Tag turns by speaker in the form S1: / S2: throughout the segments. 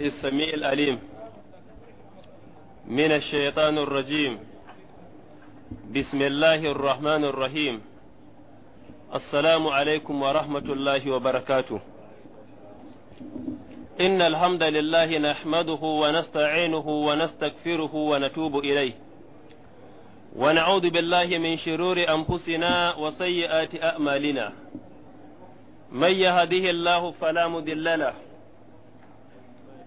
S1: السميع الأليم من الشيطان الرجيم بسم الله الرحمن الرحيم السلام عليكم ورحمة الله وبركاته إن الحمد لله نحمده ونستعينه ونستغفره ونتوب إليه ونعوذ بالله من شرور أنفسنا وسيئات أعمالنا من يهده الله فلا مضل له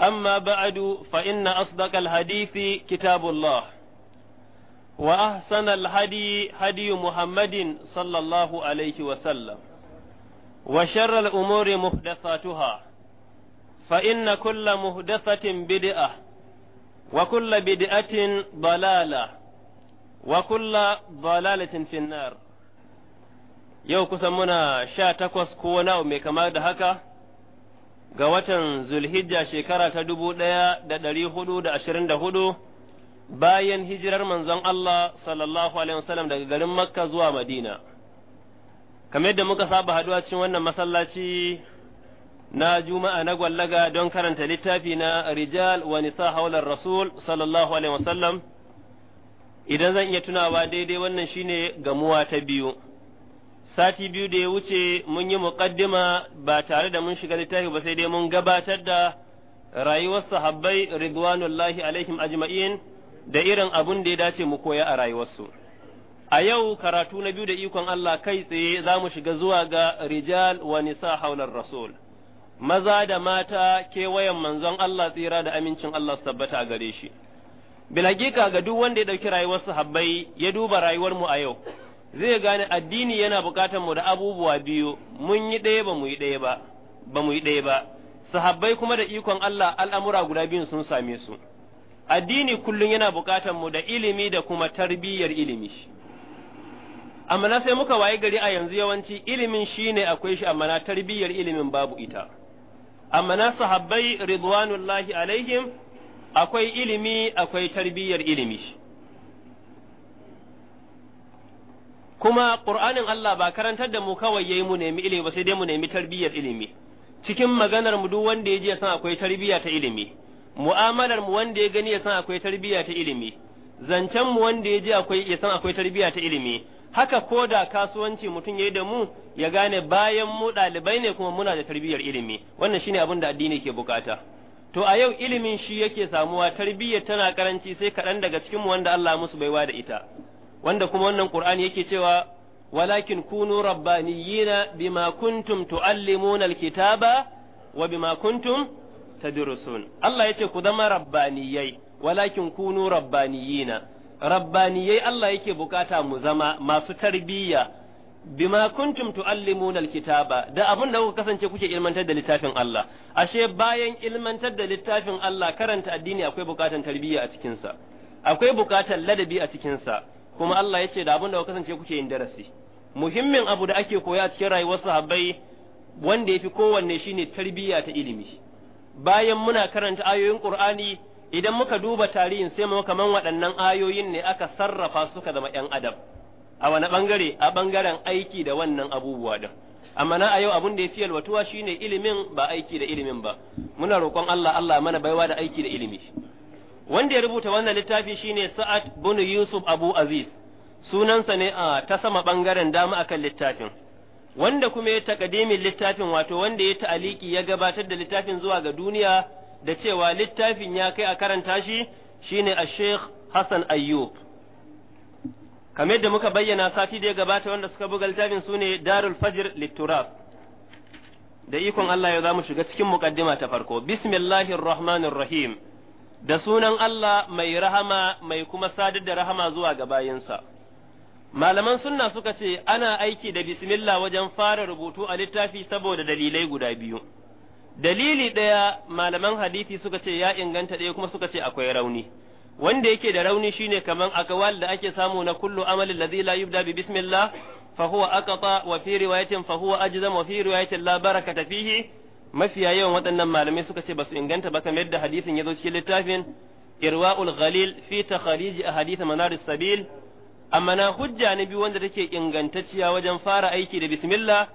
S1: أما بعد فإن أصدق الحديث كتاب الله وأحسن الهدي هدي محمد صلى الله عليه وسلم وشر الأمور محدثاتها فإن كل محدثة بدعة وكل بدعة ضلالة وكل ضلالة في النار يوكس منا شاتكوس كونا وميكما دهكا ga watan zulhijja shekara ta dubu ɗaya da ɗari hudu da ashirin da hudu bayan hijirar manzon Allah sallallahu alaihi wasallam daga garin Makka zuwa Madina. Kamar yadda muka saba haduwa cikin wannan masallaci na Juma'a na gwallaga don karanta littafi na Rijal wa Nisa haular Rasul sallallahu alaihi wasallam. Idan zan iya tunawa daidai wannan shine gamuwa ta biyu. sati biyu da ya wuce mun yi muƙaddima ba tare da mun shiga littafi ba sai dai mun gabatar da rayuwar sahabbai ridwanullahi alaihim ajma'in da irin abun da ya dace mu koya a rayuwarsu a yau karatu na biyu da ikon Allah kai tsaye za mu shiga zuwa ga rijal wa nisa haular rasul maza da mata kewayen manzon Allah tsira da amincin Allah su tabbata a gare shi bilagika ga duk wanda ya ɗauki rayuwar sahabbai ya duba rayuwar mu a yau zai gane addini yana bukatar mu da abubuwa biyu mun yi ɗaya ba mu yi ɗaya ba ba mu yi ɗaya ba sahabbai kuma da ikon Allah al'amura guda biyu sun same su addini kullum yana bukatar mu da ilimi da kuma tarbiyyar ilimi amma na sai muka wayi gari a yanzu yawanci ilimin shine akwai shi amma na tarbiyyar ilimin babu ita amma na sahabbai ridwanullahi alaihim akwai ilimi akwai tarbiyyar ilimi kuma ƙur'anin Allah ba karantar da mu kawai yayi mu nemi ilimi ba sai dai mu nemi tarbiyyar ilimi cikin maganar mu duk wanda ya ji san akwai tarbiyya ta ilimi mu'amalar mu wanda ya gani ya san akwai tarbiyya ta ilimi zancen mu wanda ya ji akwai ya san akwai tarbiyya ta ilimi haka ko da kasuwanci mutum yayi da mu ya gane bayan mu ɗalibai ne kuma muna da tarbiyyar ilimi wannan shine abin da addini ke bukata to a yau ilimin shi yake samuwa tarbiyyar tana karanci sai kaɗan daga cikin mu wanda Allah musu baiwa da ita wanda kuma wannan Qur'ani yake cewa walakin kunu rabbaniyina bima kuntum tuallimuna alkitaba wa bima kuntum tadrusun Allah yace ku zama rabbaniyai walakin kunu rabbaniyina rabbaniyai Allah yake bukata mu zama masu tarbiyya bima kuntum tuallimuna alkitaba da abin da kuka kasance kuke ilmantar da littafin Allah ashe bayan ilmantar da littafin Allah karanta addini akwai bukatan tarbiyya a cikinsa akwai bukatan ladabi a cikinsa kuma Allah ya ce da abin da kasance kuke yin darasi muhimmin abu da ake koya a cikin rayuwar sahabbai wanda yafi kowanne shine tarbiyya ta ilimi bayan muna karanta ayoyin Qur'ani idan muka duba tarihin sai muka man waɗannan ayoyin ne aka sarrafa suka zama ƴan adam a wani bangare a bangaren aiki da wannan abubuwa din amma na a yau abin da ya fi yalwatuwa shine ilimin ba aiki da ilimin ba muna roƙon Allah Allah mana baiwa da aiki da ilimi wanda ya rubuta wannan littafi shine Sa'ad bin Yusuf Abu Aziz sunansa ne a ta sama bangaren dama akan littafin wanda kuma ya takadimin littafin wato wanda ya ta'aliki ya gabatar da littafin zuwa ga duniya da cewa littafin ya kai a karanta shi shine a Sheikh Hassan Ayyub kamar yadda muka bayyana sati da ya gabata wanda suka buga littafin sune Darul Fajr Litturaf da ikon Allah ya za mu shiga cikin mukaddima ta farko bismillahir rahmanir rahim da sunan Allah mai rahama mai kuma sadar da rahama zuwa ga bayinsa. Malaman sunna suka ce ana aiki da bismillah wajen fara rubutu a littafi saboda dalilai guda biyu. Dalili ɗaya malaman hadithi suka ce ya inganta ɗaya kuma suka ce akwai rauni. Wanda yake da rauni shine kamar akawal da ake samu na kullu amalin ladzi la yubda bi bismillah fa huwa aqta wa fi riwayatin fa huwa ajzam wa fi riwayatin la fihi mafiya yawan waɗannan malamai suka ce ba su inganta ba kamar yadda hadisin ya zo cikin littafin irwa'ul ghalil fi a ahadith manaris sabil amma na hujja na biyu wanda take ingantacciya wajen fara aiki da bismillah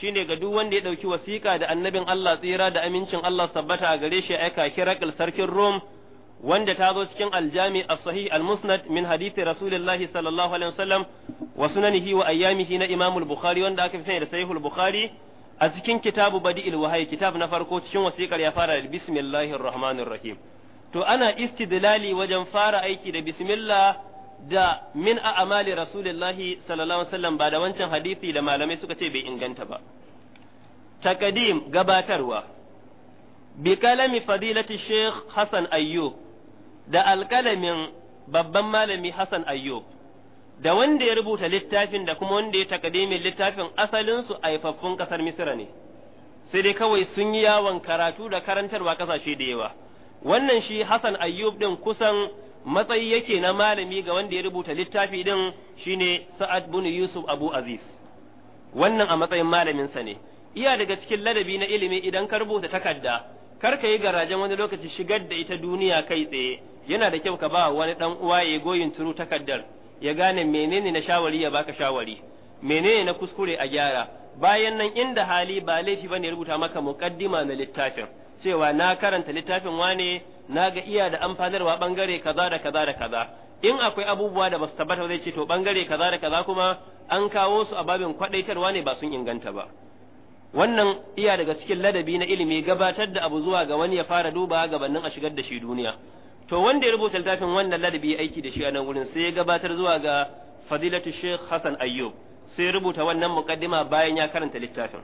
S1: shine ga duk wanda ya dauki wasiƙa da annabin Allah tsira da amincin Allah sabbata a gare shi aika kirakal sarkin Rom wanda ta zo cikin aljami as-sahih al-musnad min hadithi rasulullahi sallallahu alaihi wasallam wa sunanihi wa ayyamihi na Imamul bukhari wanda aka fi sani da sahih bukhari a cikin kitabu badi'il wahayi kitab na farko cikin wasiƙar ya fara da bismillahir rahmanir rahim to ana istidlali wajen fara aiki da bismillah da min a amali rasulillahi sallallahu alaihi wasallam ba da wancan hadisi da malamai suka ce bai inganta ba takadim gabatarwa bi kalami fadilati sheikh hasan ayyub da alkalamin babban malami hasan ayyub da wanda ya rubuta littafin da kuma wanda ya takadimin littafin asalinsu aifaffun ƙasar Misira ne, sai dai kawai sun yi yawon karatu da karantarwa kasashe da yawa. Wannan shi Hassan Ayyub din kusan matsayi yake na malami ga wanda ya rubuta littafi ɗin shine Sa'ad bin Yusuf Abu Aziz. Wannan a matsayin malaminsa ne. Iya daga cikin ladabi na ilimi idan ka rubuta takarda, kar ka yi garajen wani lokaci shigar da ita duniya kai tsaye. Yana da kyau ka ba wani ɗan uwa ya goyin turu takardar. ya gane menene na shawari ya baka shawari menene na kuskure a gyara bayan nan inda hali ba laifi bane rubuta maka muqaddima na littafin cewa na karanta littafin wane na ga iya da amfanarwa bangare kaza da kaza da kaza in akwai abubuwa da basu tabbata zai ce to bangare kaza da kaza kuma an kawo su a babin kwadaitarwa ne ba sun inganta ba wannan iya daga cikin ladabi na ilimi gabatar da abu zuwa ga wani ya fara duba gabanin a shigar da shi duniya to wanda ya rubuta littafin wannan ladabi aiki da shi a nan wurin sai ya gabatar zuwa ga fadilatu Sheikh Hassan Ayyub sai ya rubuta wannan muqaddima bayan ya karanta littafin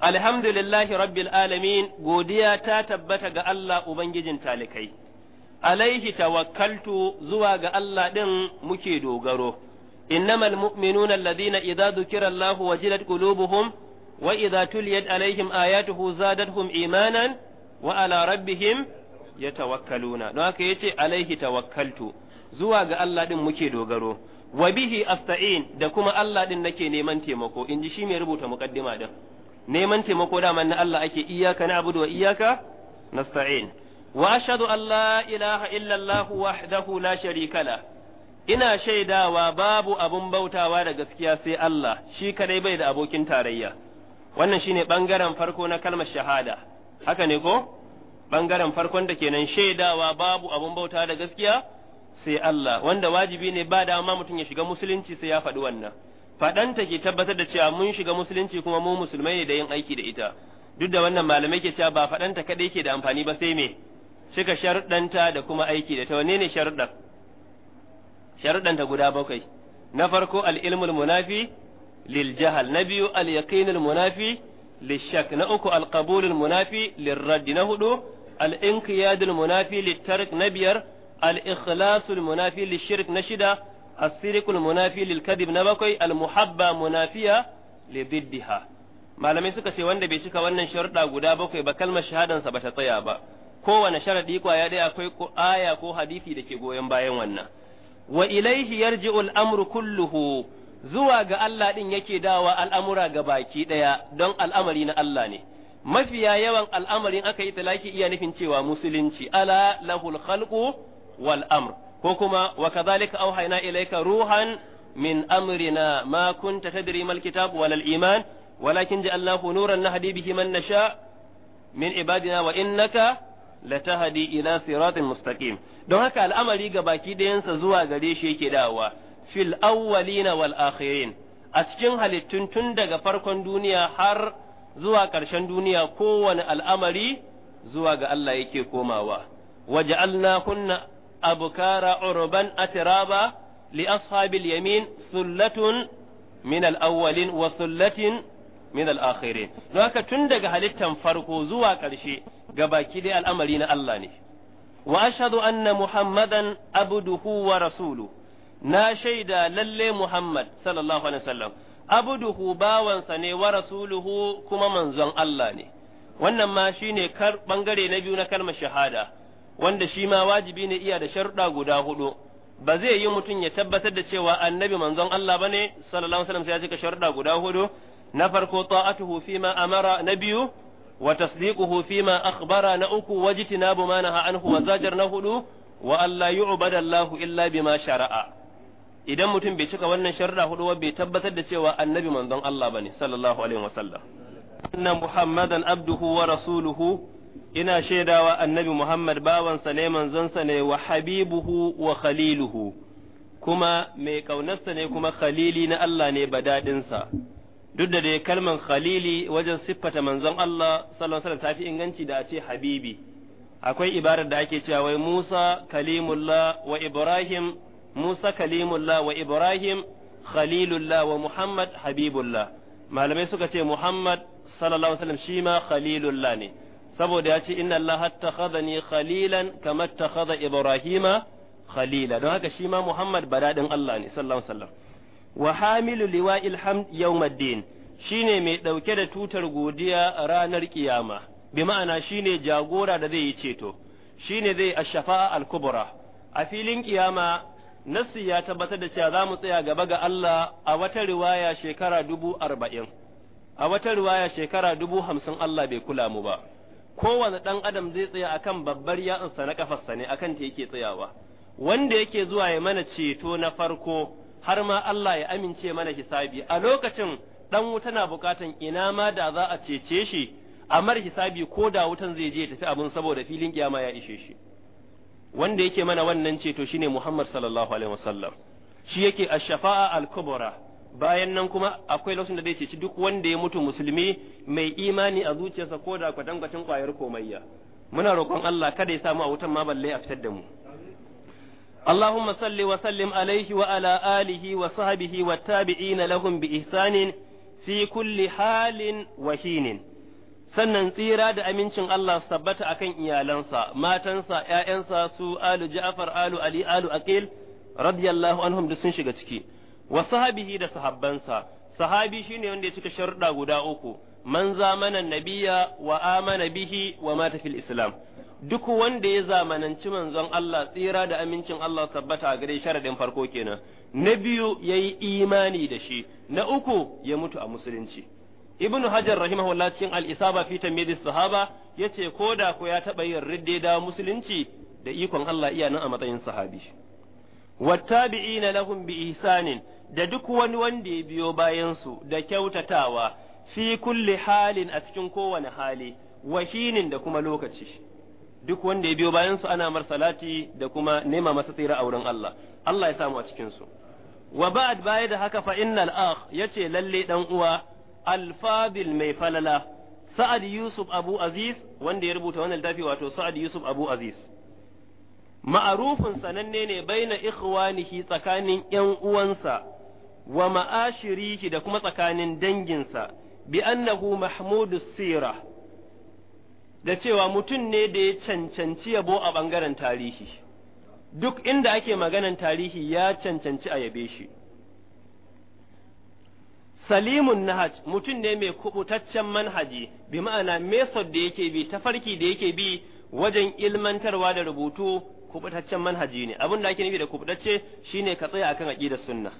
S1: alhamdulillahi rabbil alamin godiya ta tabbata ga Allah ubangijin talikai alaihi tawakkaltu zuwa ga Allah din muke dogaro innamal mu'minuna alladhina idza dhukira Allahu wajilat qulubuhum wa idza tuliyat alaihim ayatuhu zadatuhum imanan wa ala rabbihim Ya na don haka ya ce alaihi tawakkaltu zuwa ga Allah din muke dogaro wa bihi asta'in da kuma Allah din nake neman taimako inji shi mai rubuta muqaddima din neman taimako daman na Allah ake iyyaka na'budu wa iyyaka nasta'in wa ashhadu an la ilaha illa Allah wahdahu la sharika la ina shaidawa babu abun bautawa da gaskiya sai Allah shi kadai bai da abokin tarayya wannan shine bangaren farko na kalmar shahada haka ne ko bangaren farkon da kenan shaidawa babu abun bauta da gaskiya sai Allah wanda wajibi ne ba dama mutum ya shiga musulunci sai ya faɗi wannan faɗanta ke tabbatar da cewa mun shiga musulunci kuma mu musulmai ne da yin aiki da ita duk da wannan malamai ke cewa ba faɗanta kaɗai ke da amfani ba sai me cika sharuɗanta da kuma aiki da ta wanne ne sharuɗan sharuɗanta guda bakwai na farko al-ilmul munafi lil jahal na biyu al-yaqinul munafi lil shak na uku al-qabulul munafi lil raddi. na hudu al-inqiyadul munafi litark na biyar al-ikhlasul munafi lishirk na shida asirikul munafi lilkadib na bakwai al'muhabba muhabba munafiya lididdiha malamai suka ce wanda bai cika wannan sharuɗa guda bakwai ba kalma shahadansa bata tsaya ba kowane sharaɗi kwaya ɗaya akwai aya ko hadisi da ke goyon bayan wannan Wa'ilaihi ilaihi yarji'ul amru kulluhu zuwa ga Allah ɗin yake dawa al'amura ga baki ɗaya don al'amari na Allah ne mafiya yawan al'amarin aka yi talaki iya nufin cewa musulunci ala lahul khalqu wal amr ko kuma wa kadhalika auhayna ilayka ruhan min amrina ma kunta tadri mal kitab wal iman walakin ja'alnahu nuran nahdi bihi man nasha min ibadina wa innaka latahdi ila siratin mustaqim don haka al'amari ga baki dayansa zuwa gare shi yake dawa. fil awwalina wal akhirin a cikin halittun tun daga farkon duniya har zuwa ƙarshen duniya kowane al'amari zuwa ga Allah yake komawa waja'alnahunna abkara urban atiraba li ashabil yamin sullatun min al wa sullatin min al-akhirin don haka tun daga halittan farko zuwa ƙarshe ga baki dai al'amari na Allah ne wa ashadu anna muhammadan abduhu wa rasulu na shaida lalle muhammad sallallahu alaihi wasallam Abudu bawansa ne wa rasuluhu kuma manzon Allah ne wannan ma shine kar bangare na biyu na kalmar shahada wanda shi ma wajibi ne iya da sharuɗa guda hudu ba zai yi mutum ya tabbatar da cewa annabi manzon Allah bane sallallahu alaihi wasallam sai ya cika sharuɗa guda hudu na farko ta'atuhu fi ma amara na biyu wa tasdiquhu fi ma akhbara na uku wajtinabu ma naha anhu wa zajar na hudu wa alla yu'bada illa bima shara'a idan mutum bai cika wannan sharuɗa hudu ba bai tabbatar da cewa annabi manzon Allah bane sallallahu alaihi wasallam anna muhammadan abduhu wa rasuluhu ina shaidawa annabi muhammad bawansa ne manzonsa ne wa habibuhu wa khaliluhu kuma mai kaunarsa ne kuma khalili na Allah ne badadinsa duk da dai kalman khalili wajen siffata manzon Allah sallallahu alaihi wasallam inganci da a ce habibi akwai ibarar da ake cewa wai Musa kalimullah wa Ibrahim Musa kalimullah wa Ibrahim khalilullah wa Muhammad habibullah malamai suka ce Muhammad sallallahu alaihi shi ma khalilullah ne saboda ya ce inna Allah attakhadhani khalilan ta attakhadha Ibrahima khalila don haka shi ma Muhammad badadin Allah ne sallallahu alaihi wa hamilu Yau hamd Shi shine mai ɗauke da tutar godiya ranar kiyama bi ma'ana shine jagora da zai yi ceto shine zai ashafa al-kubra a filin ƙiyama nassi ya tabbatar da cewa za mu tsaya gaba ga Allah a wata riwaya shekara dubu arba'in a wata riwaya shekara dubu hamsin Allah bai kula mu ba kowane ɗan adam zai tsaya akan babbar ya'insa na kafarsa ne akan ta yake tsayawa wanda yake zuwa ya mana ceto na farko har ma Allah ya amince mana hisabi a lokacin ɗan wuta na buƙatan ina ma da za a cece shi a mar hisabi ko da wutan zai je tafi abun saboda filin kiyama ya ishe shi wanda yake mana wannan ceto shine Muhammad sallallahu alaihi wasallam shi yake ash-shafa'a al-kubra bayan nan kuma akwai lokacin da zai ceci duk wanda ya mutu musulmi mai imani a zuciyarsa ko da kwatankwacin kwayar komayya muna roƙon Allah kada ya samu a wutan ma balle a fitar da mu اللهم صل وسلم عليه وعلى آله وصحبه والتابعين لهم بإحسان في كل حال وحين sannan tsira da amincin Allah tabbata a kan iyalansa matansa ya'yansa su alu ja'far alu ali alu aqil radiyallahu anhum da sun shiga ciki wa sahabihi da sahabbansa sahabi shine wanda ya cika sharuɗa guda uku man zamanan nabiya wa amana bihi wa mata fil islam duk wanda ya zamananci manzon Allah tsira da amincin Allah sabbata a gare sharadin farko kenan na biyu yayi imani da shi na uku ya mutu a musulunci ibnu hajar rahimahullah cikin alisaba isaba fi sahaba yace koda ko ya taba yin ridde da musulunci da ikon Allah iya nan a matsayin sahabi wattabi'ina lahum bi ihsanin da duk wani wanda ya biyo bayan su da kyautatawa fi kulli halin a cikin kowane hali wahinin da kuma lokaci duk wanda ya biyo bayan su ana mar da kuma nema masa tsira a wurin Allah Allah ya samu a cikin su wa ba'd baya da haka fa innal akh yace lalle dan uwa Alfabil mai falala sa'ad yusuf abu aziz wanda ya rubuta wannan littafi wato sa'ad yusuf abu aziz ma'arufin sananne ne baina ikhwanihi tsakanin ‘yan uwansa wa ma'ashirihi da kuma tsakanin danginsa bi annahu mahmudu sira da cewa mutum ne da ya cancanci yabo a ɓangaren tarihi duk inda ake maganan tarihi ya cancanci a yabe shi salimun nahaj mutum ne mai kubutaccen manhaji bi ma'ana method da yake bi tafarki da yake bi wajen ilmantarwa da rubutu kubutaccen manhaji ne abin da ake nufi da kubutacce shine ka tsaya akan aqida sunna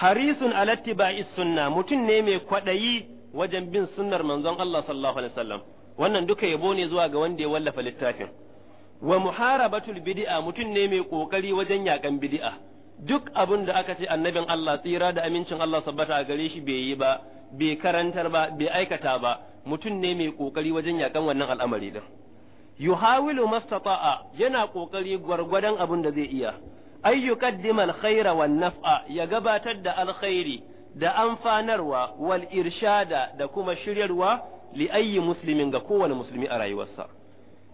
S1: harisun alattiba'is sunna mutum ne mai kwadayi wajen bin sunnar manzon Allah sallallahu alaihi wasallam wannan duka yabo ne zuwa ga wanda ya wallafa littafin wa muharabatul bid'a mutum ne mai kokari wajen yakan bid'a duk abin da aka ce annabin Allah tsira da amincin Allah sabbata a gare shi bai yi ba bai karantar ba bai aikata ba mutum ne mai kokari wajen yakan wannan al'amari din yuhawilu mastata'a yana kokari gwargwadon abin da zai iya ay yuqaddima alkhaira wan naf'a ya gabatar da alkhairi da amfanarwa wal irshada da kuma shiryarwa li ayyi muslimin ga kowane musulmi a rayuwarsa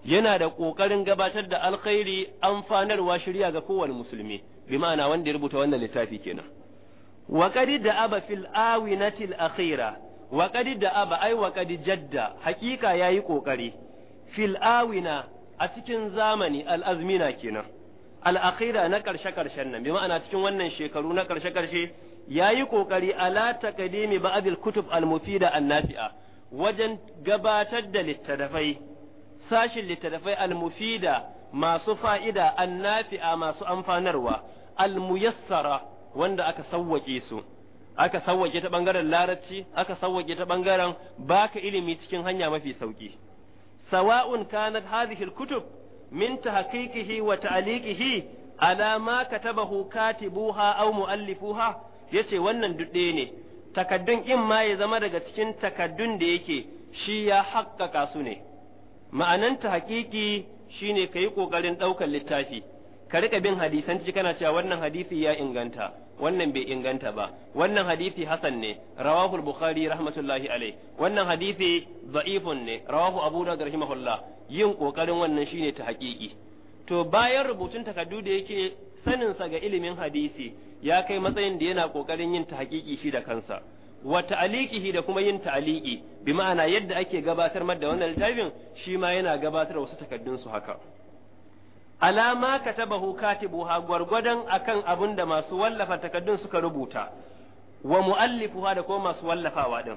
S1: yana da ƙoƙarin gabatar da alkhairi amfanarwa shirya ga kowane musulmi bi ma'ana wanda ya rubuta wannan littafi kenan wa qad da'aba fil awinatil akhira wa qad da'aba ai wa qad jadda hakika yayi kokari fil awina a cikin zamani al azmina kenan al akhira na karshe karshen nan bi cikin wannan shekaru na karshe karshe yayi kokari ala taqdimi ba'd kutub al mufida an nafi'a wajen gabatar da littattafai sashin littattafai al mufida masu fa'ida an nafi'a masu amfanarwa almuyassara wanda aka sawwake su aka sawwake ta ɓangaren larabci aka sawwake ta ɓangaren baka ilimi cikin hanya mafi sauƙi. sawa'un kanat hadhihi alkutub min tahqiqihi wa ta'liqihi ala ma katabahu katibuha aw muallifuha yace wannan dudde ne takaddun in ma ya zama daga cikin takaddun da yake shi ya haƙƙaƙa su ne ma'anan ta haƙiƙi shine kayi ƙoƙarin ɗaukar littafi ka rika bin hadisan ci kana cewa wannan hadisi ya inganta wannan bai inganta ba wannan hadisi hasan ne rawahu al-bukhari rahmatullahi alayh wannan hadisi dha'ifun ne rawahu abu dawud rahimahullah yin kokarin wannan shine ta haƙiƙi to bayan rubutun takardu da yake sanin sa ga ilimin hadisi ya kai matsayin da yana kokarin yin ta haƙiƙi shi da kansa wa ta'liqihi da kuma yin ta'liqi bi ma'ana yadda ake gabatar da wannan littafin shi ma yana gabatar wasu takardun su haka alama ka katabahu katibuha gwargwadon akan abin da masu wallafa takaddun suka rubuta wa ha da kuma masu wallafawa din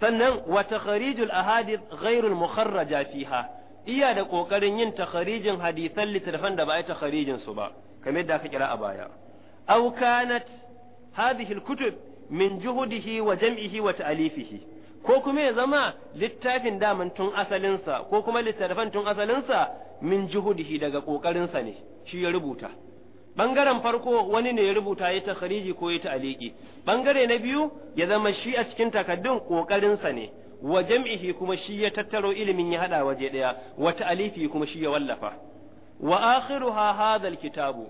S1: sannan wa takharijul ahadith ghairul mukharraja fiha iya da kokarin yin takharijin hadisan littattafan da ba a takharijin su ba kamar da aka kira a baya aw kanat hadhihi al-kutub min juhudihi wa jam'ihi wa ta'alifihi ko kuma ya zama littafin daman tun asalinsa ko kuma littafin tun asalinsa min juhudihi daga kokarinsa ne shi ya rubuta bangaren farko wani ne ya rubuta ya ta khariji ko ya ta aliki bangare na biyu ya zama shi a cikin takaddun kokarinsa ne wa jam'ihi kuma shi ya tattaro ilimin ya hada waje daya wa alifi kuma shi ya wallafa wa akhiruha hadha kitabu,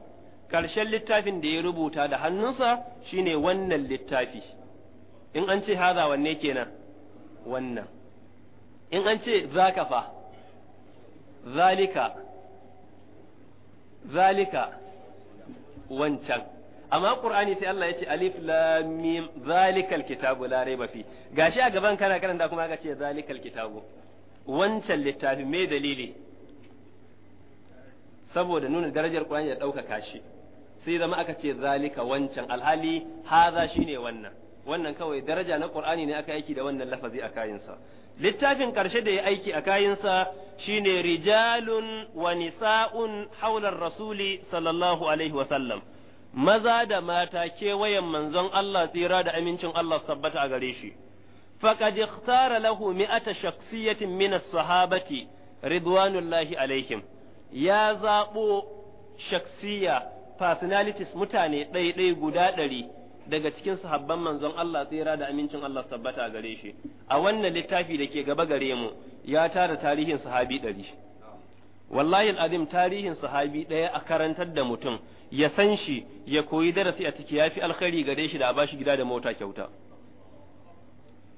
S1: karshen littafin da ya rubuta da hannunsa shine wannan littafi in an ce haza wanne kenan wannan in an ce zaka fa zalika zalika wancan amma qur'ani sai Allah ya ce alif lam mim zalikal kitabu la raiba fi gashi a gaban kana karanta kuma aka ce zalikal kitabu wancan littafi me dalili saboda nuna darajar qur'ani ya ɗaukaka kashi sai zama aka ce zalika wancan alhali haza shine wannan wannan kawai daraja na qur'ani ne aka aiki da wannan lafazi a kayansa littafin ƙarshe da ya aiki a kayansa shine rijalun wa nisa'un haular rasuli sallallahu alaihi wa sallam maza da mata kewayen manzon Allah tsira da amincin Allah sabbata a gare shi faqad ikhtara lahu mi'ata shakhsiyatin min as-sahabati ridwanullahi alaihim ya zabo shakhsiya personalities mutane ɗaiɗai guda ɗari daga cikin sahabban manzon Allah tsira da amincin Allah tabbata gare shi a wannan littafi da ke gaba gare mu ya tara tarihin sahabi ɗari wallahi azim tarihin sahabi ɗaya a karantar da mutum ya san shi ya koyi darasi a ciki yafi alkhairi gare shi da a shi gida da mota kyauta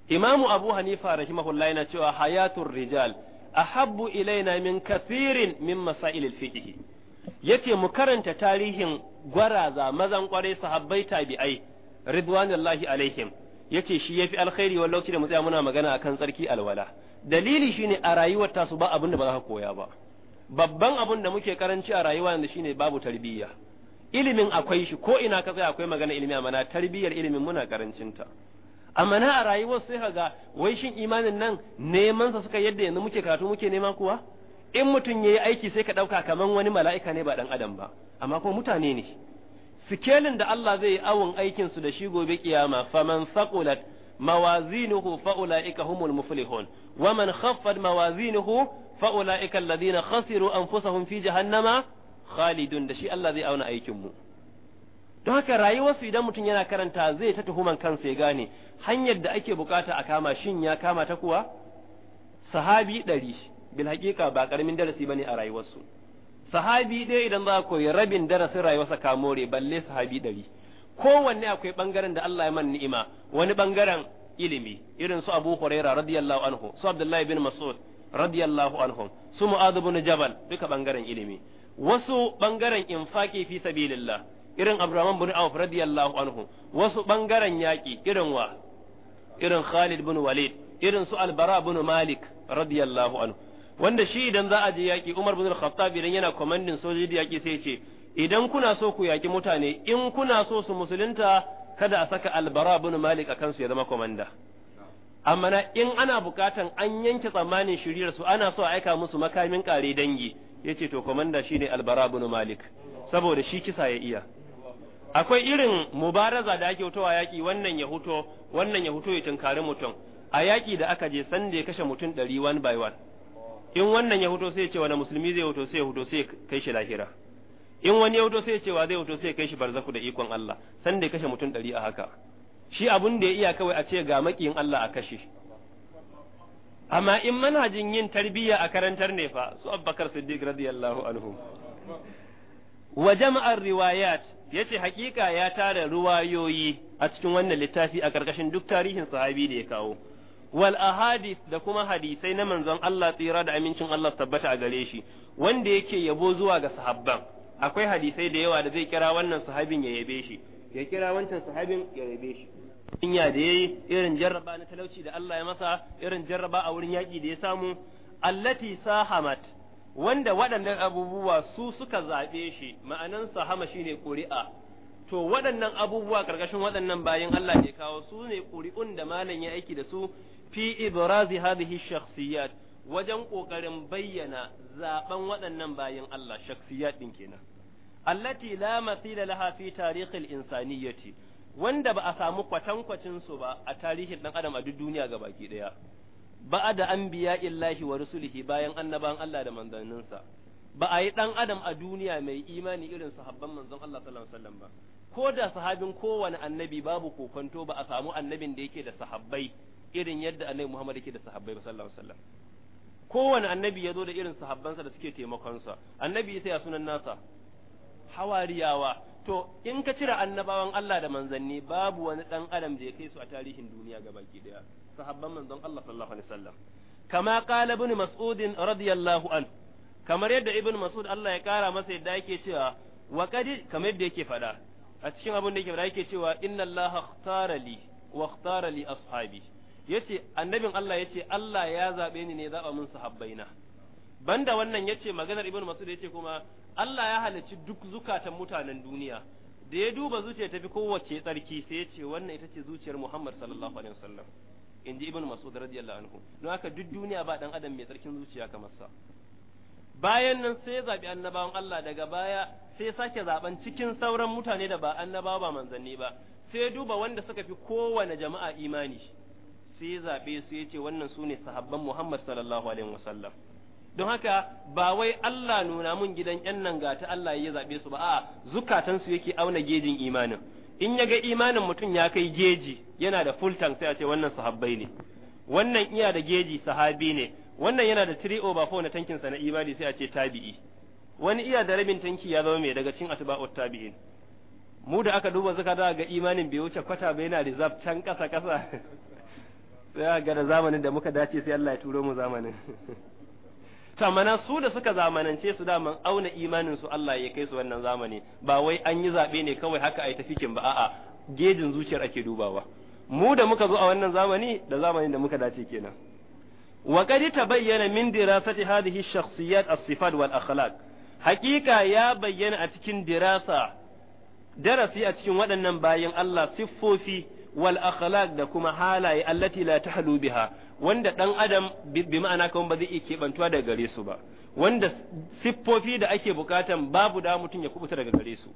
S1: imamu abu hanifa rahimahullah yana cewa hayatul rijal ahabbu ilaina min kathirin min masailil fiqh yace mu karanta tarihin gwaraza mazan kwarai sahabbai tabi'ai ridwanullahi alaihim yace shi yafi alkhairi wal lokaci da mu tsaya muna magana akan tsarki alwala dalili shine a rayuwar su ba abin da ba za ka koya ba babban abin da muke karanci a rayuwa yanzu shine babu tarbiyya ilimin akwai shi ko ina ka tsaya akwai magana ilimi amma tarbiyyar ilimin muna karancinta amma na a rayuwar sai kaga wai shin imanin nan neman sa suka yadda yanzu muke karatu muke nema kuwa in mutum yayi aiki sai ka dauka kaman wani mala'ika ne ba dan adam ba amma kuma mutane ne sikelin da Allah zai yi awon aikinsu da shi gobe kiyama faman saqulat mawazinuhu fa ulaika humul muflihun wa khaffat mawazinuhu fa alladhina khasiru anfusahum fi jahannama khalidun da shi Allah zai auna aikin mu don haka rayuwarsu idan mutum yana karanta zai ta tuhuman kansa ya gane hanyar da ake bukata a kama shin ya kama ta kuwa sahabi ɗari bil haƙiƙa ba ƙaramin darasi bane a rayuwarsu sahabi ɗaya idan za ku yi rabin darasin rayuwarsa ka more balle sahabi ɗari kowanne akwai ɓangaren da Allah ya man ni'ima wani ɓangaren ilimi irin su Abu Huraira radiyallahu anhu su Abdullahi bin Mas'ud radiyallahu anhu su Mu'adh bin Jabal duka ɓangaren ilimi wasu ɓangaren infaki fi sabilillah irin Abdurrahman bin Auf radiyallahu anhu wasu ɓangaren yaƙi irin wa irin Khalid bin Walid irin su Albara bin Malik radiyallahu anhu wanda shi idan za a je yaki Umar bin Khattab idan yana commanding sojoji yaki sai ce idan kuna so ku yaki mutane in kuna so su musulunta kada a saka albara bin malik a kansu ya zama commander amma na in ana bukatan an yanke tsammanin shiriyar su ana so a aika musu makamin kare dangi yace to commander shine albara bin malik saboda shi kisa ya iya akwai irin mubaraza da ake hutowa yaki wannan ya huto wannan ya huto ya tunkari mutum a yaƙi da aka je sanda ya kashe mutum ɗari one by one in wannan ya huto sai ya ce wani musulmi zai huto sai ya sai kai shi lahira in wani ya huto sai ya ce wa zai huto sai kai shi barzaku da ikon Allah san da kashe mutum ɗari a haka shi abun da ya iya kawai a ce ga makiyin Allah a kashe amma in manhajin yin tarbiyya a karantar ne fa su Abubakar Siddiq radiyallahu anhu wa jama'ar riwayat yace hakika ya tara ruwayoyi a cikin wannan littafi a karkashin duk tarihin sahabi da ya kawo wal ahadis da kuma hadisai na manzon Allah tsira da amincin Allah tabbata a gare shi wanda yake yabo zuwa ga sahabban akwai hadisai da yawa da zai kira wannan sahabin ya yabe shi ya kira wancan sahabin ya yabe shi dunya da yayi irin jarraba na talauci da Allah ya masa irin jarraba a wurin yaki da ya samu allati sahamat wanda waɗannan abubuwa su suka zaɓe shi ma'anan sahama shine ƙuri'a to waɗannan abubuwa ƙarƙashin waɗannan bayan Allah ne kawo su ne ƙuri'un da malam ya aiki da su fi ibrazi hadhihi shakhsiyat wajen kokarin bayyana zaben waɗannan bayin Allah shakhsiyat din kenan allati la mathila laha fi tarikh al-insaniyyati wanda ba a samu kwatankwacin su ba a tarihin dan adam a duk duniya ga baki daya ba da anbiya illahi wa rusulihi bayan annaban Allah da manzanninsa ba a yi dan adam a duniya mai imani irin sahabban manzon Allah sallallahu alaihi wasallam ba ko da sahabin kowane annabi babu kokonto ba a samu annabin da yake da sahabbai irin yadda annabi Muhammad yake da sahabbai sallallahu alaihi wasallam kowane annabi ya zo da irin sahabbansa da suke taimakonsa annabi isa ya sunan nasa hawariyawa to in ka cire annabawan Allah da manzanni babu wani dan adam da ya kai su a tarihin duniya ga baki daya sahabban manzon Allah sallallahu alaihi wasallam kama qala ibn mas'ud radiyallahu an kamar yadda ibn mas'ud Allah ya kara masa yadda yake cewa wa qad kamar yadda yake fada a cikin abin da yake fada yake cewa inna Allah ikhtara li wa ikhtara li ashabi yace annabin Allah yace Allah ya zabe ni ne zaba mun sahabbaina banda wannan yace maganar ibnu mas'ud yace kuma Allah ya halicci duk zukatan mutanen duniya da ya duba zuciya tafi kowace tsarki sai ya ce wannan ita ce zuciyar Muhammad sallallahu alaihi wasallam in ji Mas'ud radiyallahu anhu don haka duk duniya ba dan adam mai tsarkin zuciya kamar sa bayan nan sai ya zabi annabawan Allah daga baya sai ya sake zaben cikin sauran mutane da ba annabawa ba manzanni ba sai ya duba wanda suka fi kowane jama'a imani sai ya zabe su yace wannan su ne sahabban Muhammad sallallahu alaihi wasallam don haka ba wai Allah nuna mun gidan ƴan nan ga ta Allah ya zaɓe su ba a zukatan su yake auna gejin imanin in ya ga imanin mutum ya kai geji yana da full tank sai a ce wannan sahabbai ne wannan iya da geji sahabi ne wannan yana da 3 over 4 na tankin sa na imani sai a ce tabi'i wani iya da rabin tanki ya zama mai daga cin atba'ut tabi'in mu da aka duba zaka da ga imanin bai wuce kwata ba yana reserve can kasa kasa sai ga da zamanin da muka dace sai Allah ya turo mu zamanin to mana su da suka zamanance su da man auna imanin su Allah ya kai su wannan zamani ba wai an yi zabe ne kawai haka ai tafikin ba a'a gejin zuciyar ake dubawa mu da muka zo a wannan zamani da zamanin da muka dace kenan wa qad tabayyana min dirasati hadhihi shakhsiyat as-sifat wal akhlaq haqiqa ya bayyana a cikin dirasa darasi a cikin waɗannan bayan Allah siffofi wal akhlaq da kuma halaye allati la tahlu biha wanda dan adam bi ma'ana kawai ba zai iya kebantuwa daga gare su ba wanda siffofi da ake bukatan babu da mutum ya kubuta daga gare su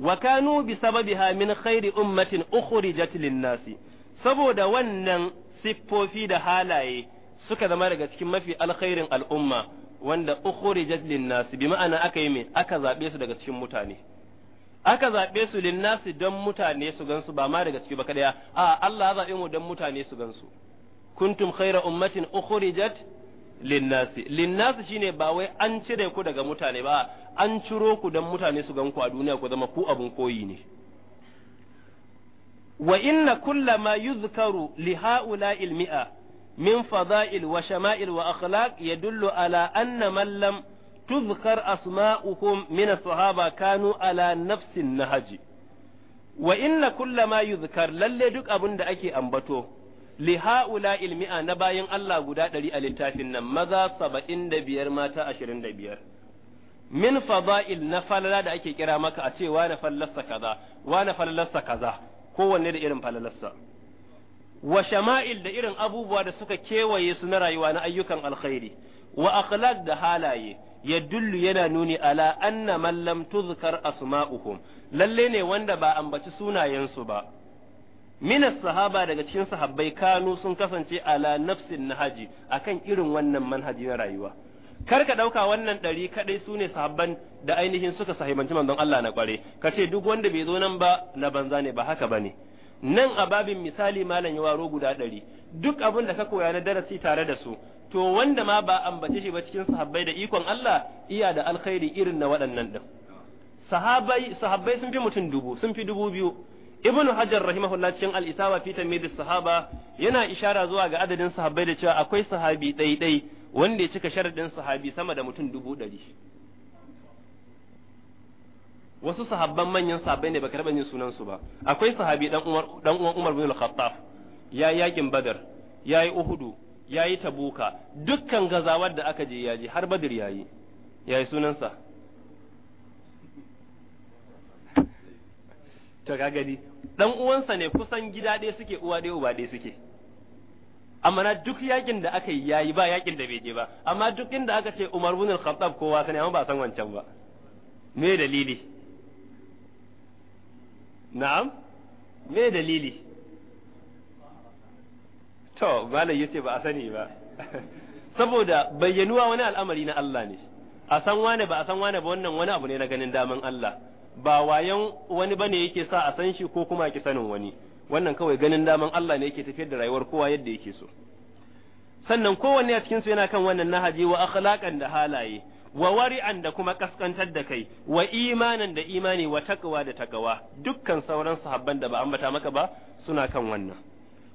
S1: wa kanu bi sababiha min khairi ummatin ukhrijat lin nasi saboda wannan siffofi da halaye suka zama daga cikin mafi alkhairin al'umma wanda ukhrijat lin nasi bi ma'ana aka yi me aka zabe su daga cikin mutane aka zaɓe su linnasi don mutane su gansu ba ma daga ciki ba kaɗaya a Allah zaɓe mu don mutane su gansu kuntum khaira ummatin ukhrijat linnasi linnasi shine ba wai an cire ku daga mutane ba an ciro ku don mutane su ganku a duniya ku zama ku abun koyi ne wa inna kullama yuzkaru li ha'ula'i al-mi'a min fada'il wa shama'il wa akhlaq yadullu ala anna man lam tuzkar Asma'u min mina sahaba kanu ala nafsin na nahji wa inna kullama yuzkar lallai duk abin da ake ambato li haula ilmi'a na bayan Allah guda ɗari a littafin nan maza saba'in da biyar mata ashirin da biyar min fada'il na falala da ake kira maka a ce wa na fallasta kaza wa na fallasta kowanne da irin falalasta wa shama'il da irin abubuwa da suka kewaye su na rayuwa na ayyukan alkhairi wa akhlaq da halaye yadullu yana nuni ala anna man lam tuzkar asma'uhum lalle ne wanda ba ambaci sunayensu ba minas sahaba daga cikin sahabbai kanu sun kasance ala nafsin nahaji akan irin wannan manhaji na rayuwa kar ka ɗauka wannan ɗari kaɗai sune sahabban da ainihin suka sahibanci manzon Allah na kware ka ce duk wanda bai zo nan ba na banza ne ba haka ba ne nan a babin misali malam ya waro guda ɗari duk abin da ka koya na darasi tare da su to wanda ma ba ambace shi ba cikin sahabbai da ikon Allah iya da alkhairi irin na waɗannan din sahabbai sahabbai sun fi mutum dubu sun fi dubu biyu ibnu hajar rahimahullah cikin al-isaba fi tamyiz sahaba yana ishara zuwa ga adadin sahabbai da cewa akwai sahabi ɗai-ɗai wanda ya cika sharadin sahabi sama da mutum dubu ɗari wasu sahabban manyan sahabbai ne baka raba yin sunan su ba akwai sahabi dan Umar dan uwan Umar bin Al-Khattab ya yakin Badar ya yi Uhudu yayi tabuka dukkan gazawar da aka je yaji har yi ya yi sunansa to ka gani dan uwansa ne kusan gida ɗaya suke uwa ɗaya uba ɗaya suke amma na duk yakin da aka yi yayi ba yakin da bai je ba amma duk inda aka ce Umar bin al-Khattab kowa sani amma ba san wancan ba me dalili na'am me dalili to malam yace ba a sani ba saboda bayyanuwa wani al'amari na Allah ne a san wane ba a san wane ba wannan wani abu ne na ganin daman Allah ba wayan wani bane yake sa a san shi ko kuma ki sanin wani wannan kawai ganin daman Allah ne yake tafiyar da rayuwar kowa yadda yake so sannan kowanne a cikin su yana kan wannan nahaji wa akhlaqan da halaye wa wari'an da kuma kaskantar da kai wa imanan da imani wa takwa da takawa dukkan sauran sahabban da ba ambata maka ba suna kan wannan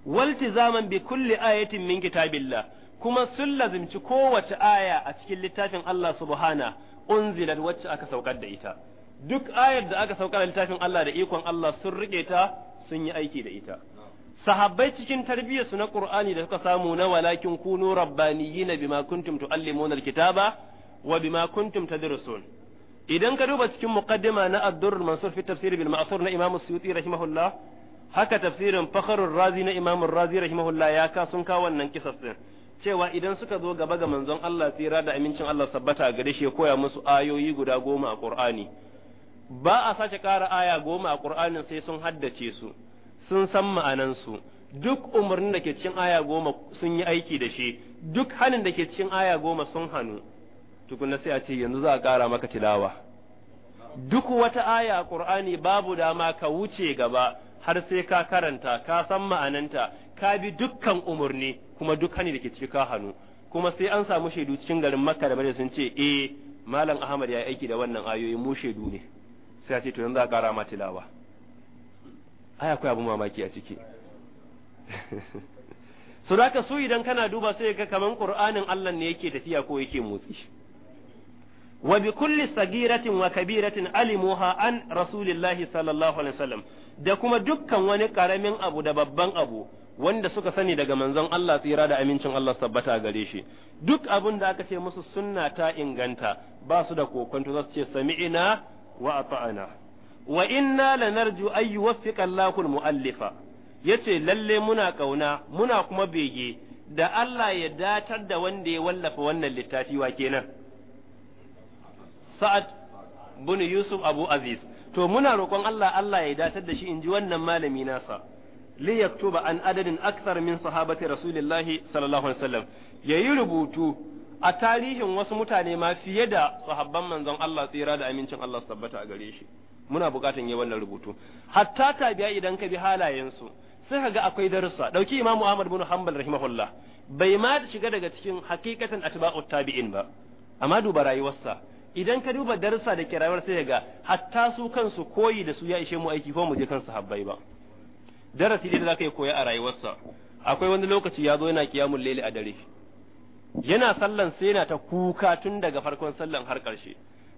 S1: waltizaman bi kulli ayatin min kitabillah kuma sun lazimci kowace aya a cikin littafin Allah subhana unzilat wacce aka saukar da ita duk ayar da aka saukar da littafin Allah da ikon Allah sun rike ta sun yi aiki da ita sahabbai cikin tarbiyyar su na Qur'ani da suka samu na walakin kunu rabbaniyina bima kuntum tuallimuna alkitaba wa bima kuntum tadrusun idan ka duba cikin muqaddima na ad-durr mansur fi tafsir bil ma'thur na Imam Suyuti rahimahullah haka tafsirin Fakharur razi na imamun razi rahimahullah ya ka sun kawo wannan kisas din cewa idan suka zo gaba ga manzon Allah tsira da amincin Allah sabbata gare shi ya koya musu ayoyi guda goma a Qur'ani ba a sace ƙara aya goma a Qur'ani sai sun haddace su sun san ma'anan su duk umarnin da ke cikin aya goma sun yi aiki da shi duk hanin da ke cikin aya goma sun hanu tukunna sai a ce yanzu za a ƙara maka tilawa duk wata aya a Qur'ani babu dama ka wuce gaba har sai ka karanta ka san ma'ananta ka bi dukkan umarni kuma duk hani da ke ciki ka hannu kuma sai an samu shaidu cikin garin makka da sun ce eh malam ahmad ya yi aiki da wannan ayoyi mu shaidu ne sai a ce to yanzu a kara ma tilawa ai akwai abu mamaki a ciki su da su idan kana duba sai ga kaman qur'anin Allah ne yake tafiya ko yake motsi wa bi kulli sagiratin wa kabiratin alimuha an rasulillahi sallallahu alaihi wasallam da kuma dukkan wani karamin abu da babban abu wanda suka sani daga manzon Allah tsira da amincin Allah tabbata gare shi duk abin da aka ce musu sunna ta inganta ba su da kokonto za su ce sami'ina wa ata'ana wa inna lanarju ay yuwaffiqa Allahu al-mu'allifa yace lalle muna kauna muna kuma bege da Allah ya datar da wanda ya wallafa wannan littafi wa kenan Sa'ad bin Yusuf Abu Aziz to muna roƙon Allah Allah ya datar da shi in ji wannan malami nasa li yaktuba an adadin akthar min sahabati rasulillahi sallallahu alaihi wasallam yayi rubutu a tarihin wasu mutane ma fiye da sahabban manzon Allah tsira da amincin Allah su tabbata a gare shi muna buƙatan yi wannan rubutu hatta tabiya idan ka bi halayensu sai ka ga akwai darussa dauki Imam Ahmad bin Hanbal rahimahullah bai ma shiga daga cikin hakikatan atba'ut tabi'in ba amma duba rayuwarsa idan ka duba darussa da kirawar sai ga hatta su kansu koyi da su ya ishe mu aiki ko mu je kansu habbai ba darasi da zaka yi koya a rayuwarsa akwai wani lokaci ya zo yana kiyamul laili a dare yana sallan sai yana ta kuka tun daga farkon sallan har ƙarshe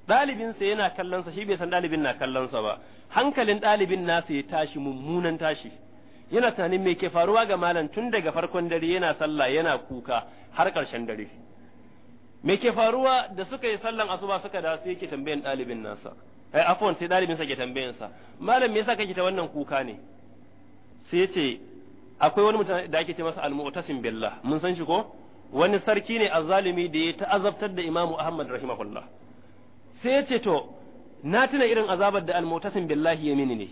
S1: ɗalibinsa yana kallonsa shi bai san ɗalibin na kallonsa ba hankalin ɗalibin nasa ya tashi mummunan tashi yana tunanin me ke faruwa ga malam tun daga farkon dare yana sallah yana kuka har ƙarshen dare me ke faruwa da suka yi sallan asuba suka da sai yake tambayan ɗalibin nasa ai eh, afwan sai dalibin sa ke tambayan sa malam me yasa kake ta wannan kuka ne sai yace ce akwai wani mutum da ake ce masa al-mu'tasim billah mun san shi ko wani sarki ne azzalimi da ya ta'azabtar da imamu ahmad rahimahullah sai yace to na tuna irin azabar da al-mu'tasim billahi ya mini ne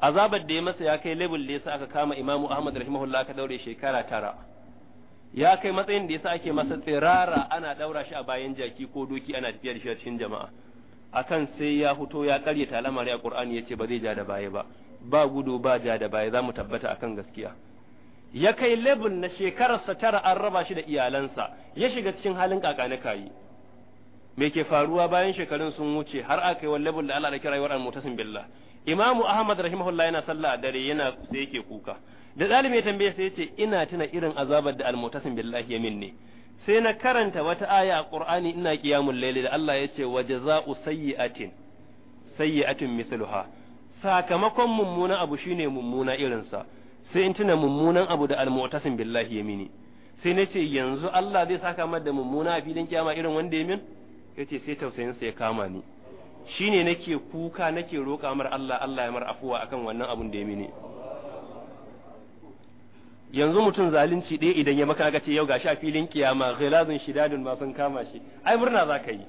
S1: azabar da ya masa ya kai level da yasa aka kama imamu ahmad rahimahullah aka daure shekara tara ya kai matsayin da yasa ake masa tsirara ana daura shi a bayan jaki ko doki ana tafiya da shi a cikin jama'a akan sai ya fito ya ta lamari a Qur'ani yace ba zai ja da baya ba ba gudu ba ja da baya za tabbata akan gaskiya ya kai level na shekararsa tara an raba shi da iyalansa ya shiga cikin halin kaka na kayi me ke faruwa bayan shekarun sun wuce har aka yi level da Allah da kira rayuwar al-mutasim billah imamu ahmad rahimahullah yana sallah dare yana sai yake kuka da ɗalibi ya tambaye sai ce ina tuna irin azabar da almutasin billahi yamin ne sai na karanta wata aya a qur'ani ina qiyamul layli da Allah yace wa jazaa'u sayyi'atin sayyi'atin mithluha sakamakon mummuna abu shine mummuna irinsa sai in tuna mummunan abu da almutasin billahi yamini sai na ce yanzu Allah zai saka mar da mummuna a filin kiyama irin wanda ya min yace sai tausayin sa ya kama ni shine nake kuka nake roƙa mar Allah Allah ya mar afuwa akan wannan abun da ya mini yanzu mutum zalunci ɗaya idan ya maka ga ce yau gashi a filin kiyama ghilazun shidadun ma sun kama shi ai murna za ka yi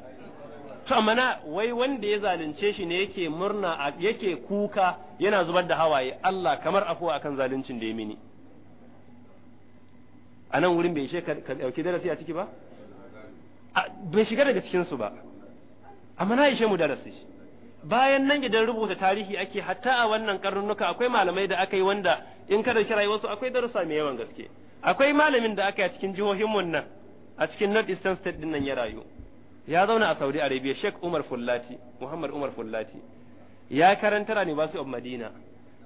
S1: to amma na wai wanda ya zalunce shi ne yake murna yake kuka yana zubar da hawaye Allah kamar afuwa akan zaluncin da ya mini a nan wurin bai ishe ka darasi a ciki ba bai shiga daga cikin su ba amma na ishe mu darasi bayan nan gidan rubuta tarihi ake hatta a wannan karnuka akwai malamai da aka yi wanda in ka rayuwar rayuwarsu akwai darussa mai yawan gaske akwai malamin da aka yi a cikin jihohin mun nan a cikin North Eastern State din nan ya rayu ya zauna a Saudi Arabia Sheikh Umar Fullati Muhammad Umar Fullati ya karanta ne basu of Madina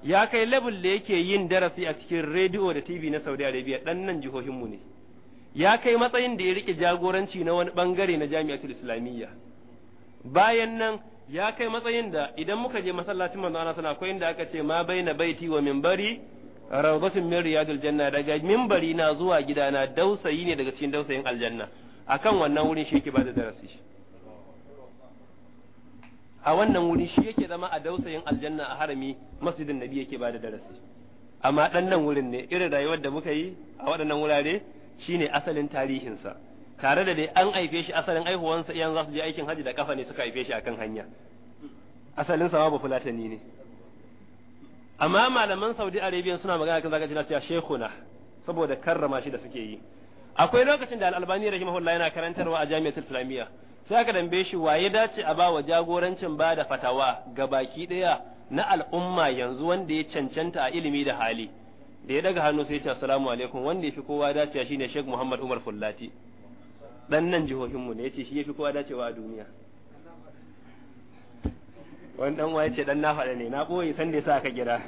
S1: ya kai level da yake yin darasi a cikin rediyo da TV na Saudi Arabia dan nan jihohin mu ne ya kai matsayin da ya rike jagoranci na wani bangare na Jami'atul Islamiyya bayan nan ya kai matsayin da idan muka je masallacin manzo Allah sana akwai inda aka ce ma baina baiti wa minbari rawdatin min riyadil janna daga minbari na zuwa gidana dausayi ne daga cikin dausayin aljanna akan wannan wurin shi yake bada darasi a wannan wurin shi yake zama a dausayin aljanna a harami masjidin nabi yake bada darasi amma dan nan wurin ne irin rayuwar da muka yi a waɗannan wurare shine asalin tarihinsa tare da dai an haife shi asalin aihuwansa iyan za su je aikin haji da kafa ne suka haife shi akan hanya asalin sa ba fulatani ne amma malaman Saudi arabiya suna magana kan zaka ji na cewa shekuna saboda karrama shi da suke yi akwai lokacin da al-Albani rahimahullahi yana karantarwa a Jami'atul Islamiyya sai aka dambe shi waye dace a bawa jagorancin ba da fatawa ga baki daya na al'umma yanzu wanda ya cancanta a ilimi da hali da ya daga hannu sai ya ce assalamu alaikum wanda ya fi kowa dacewa shine Sheikh Muhammad Umar Fullati dan nan jihohinmu ne yace shi ya fi kowa dacewa a duniya wani dan waye ce dan na faɗa ne na ɓoye san da sa aka gira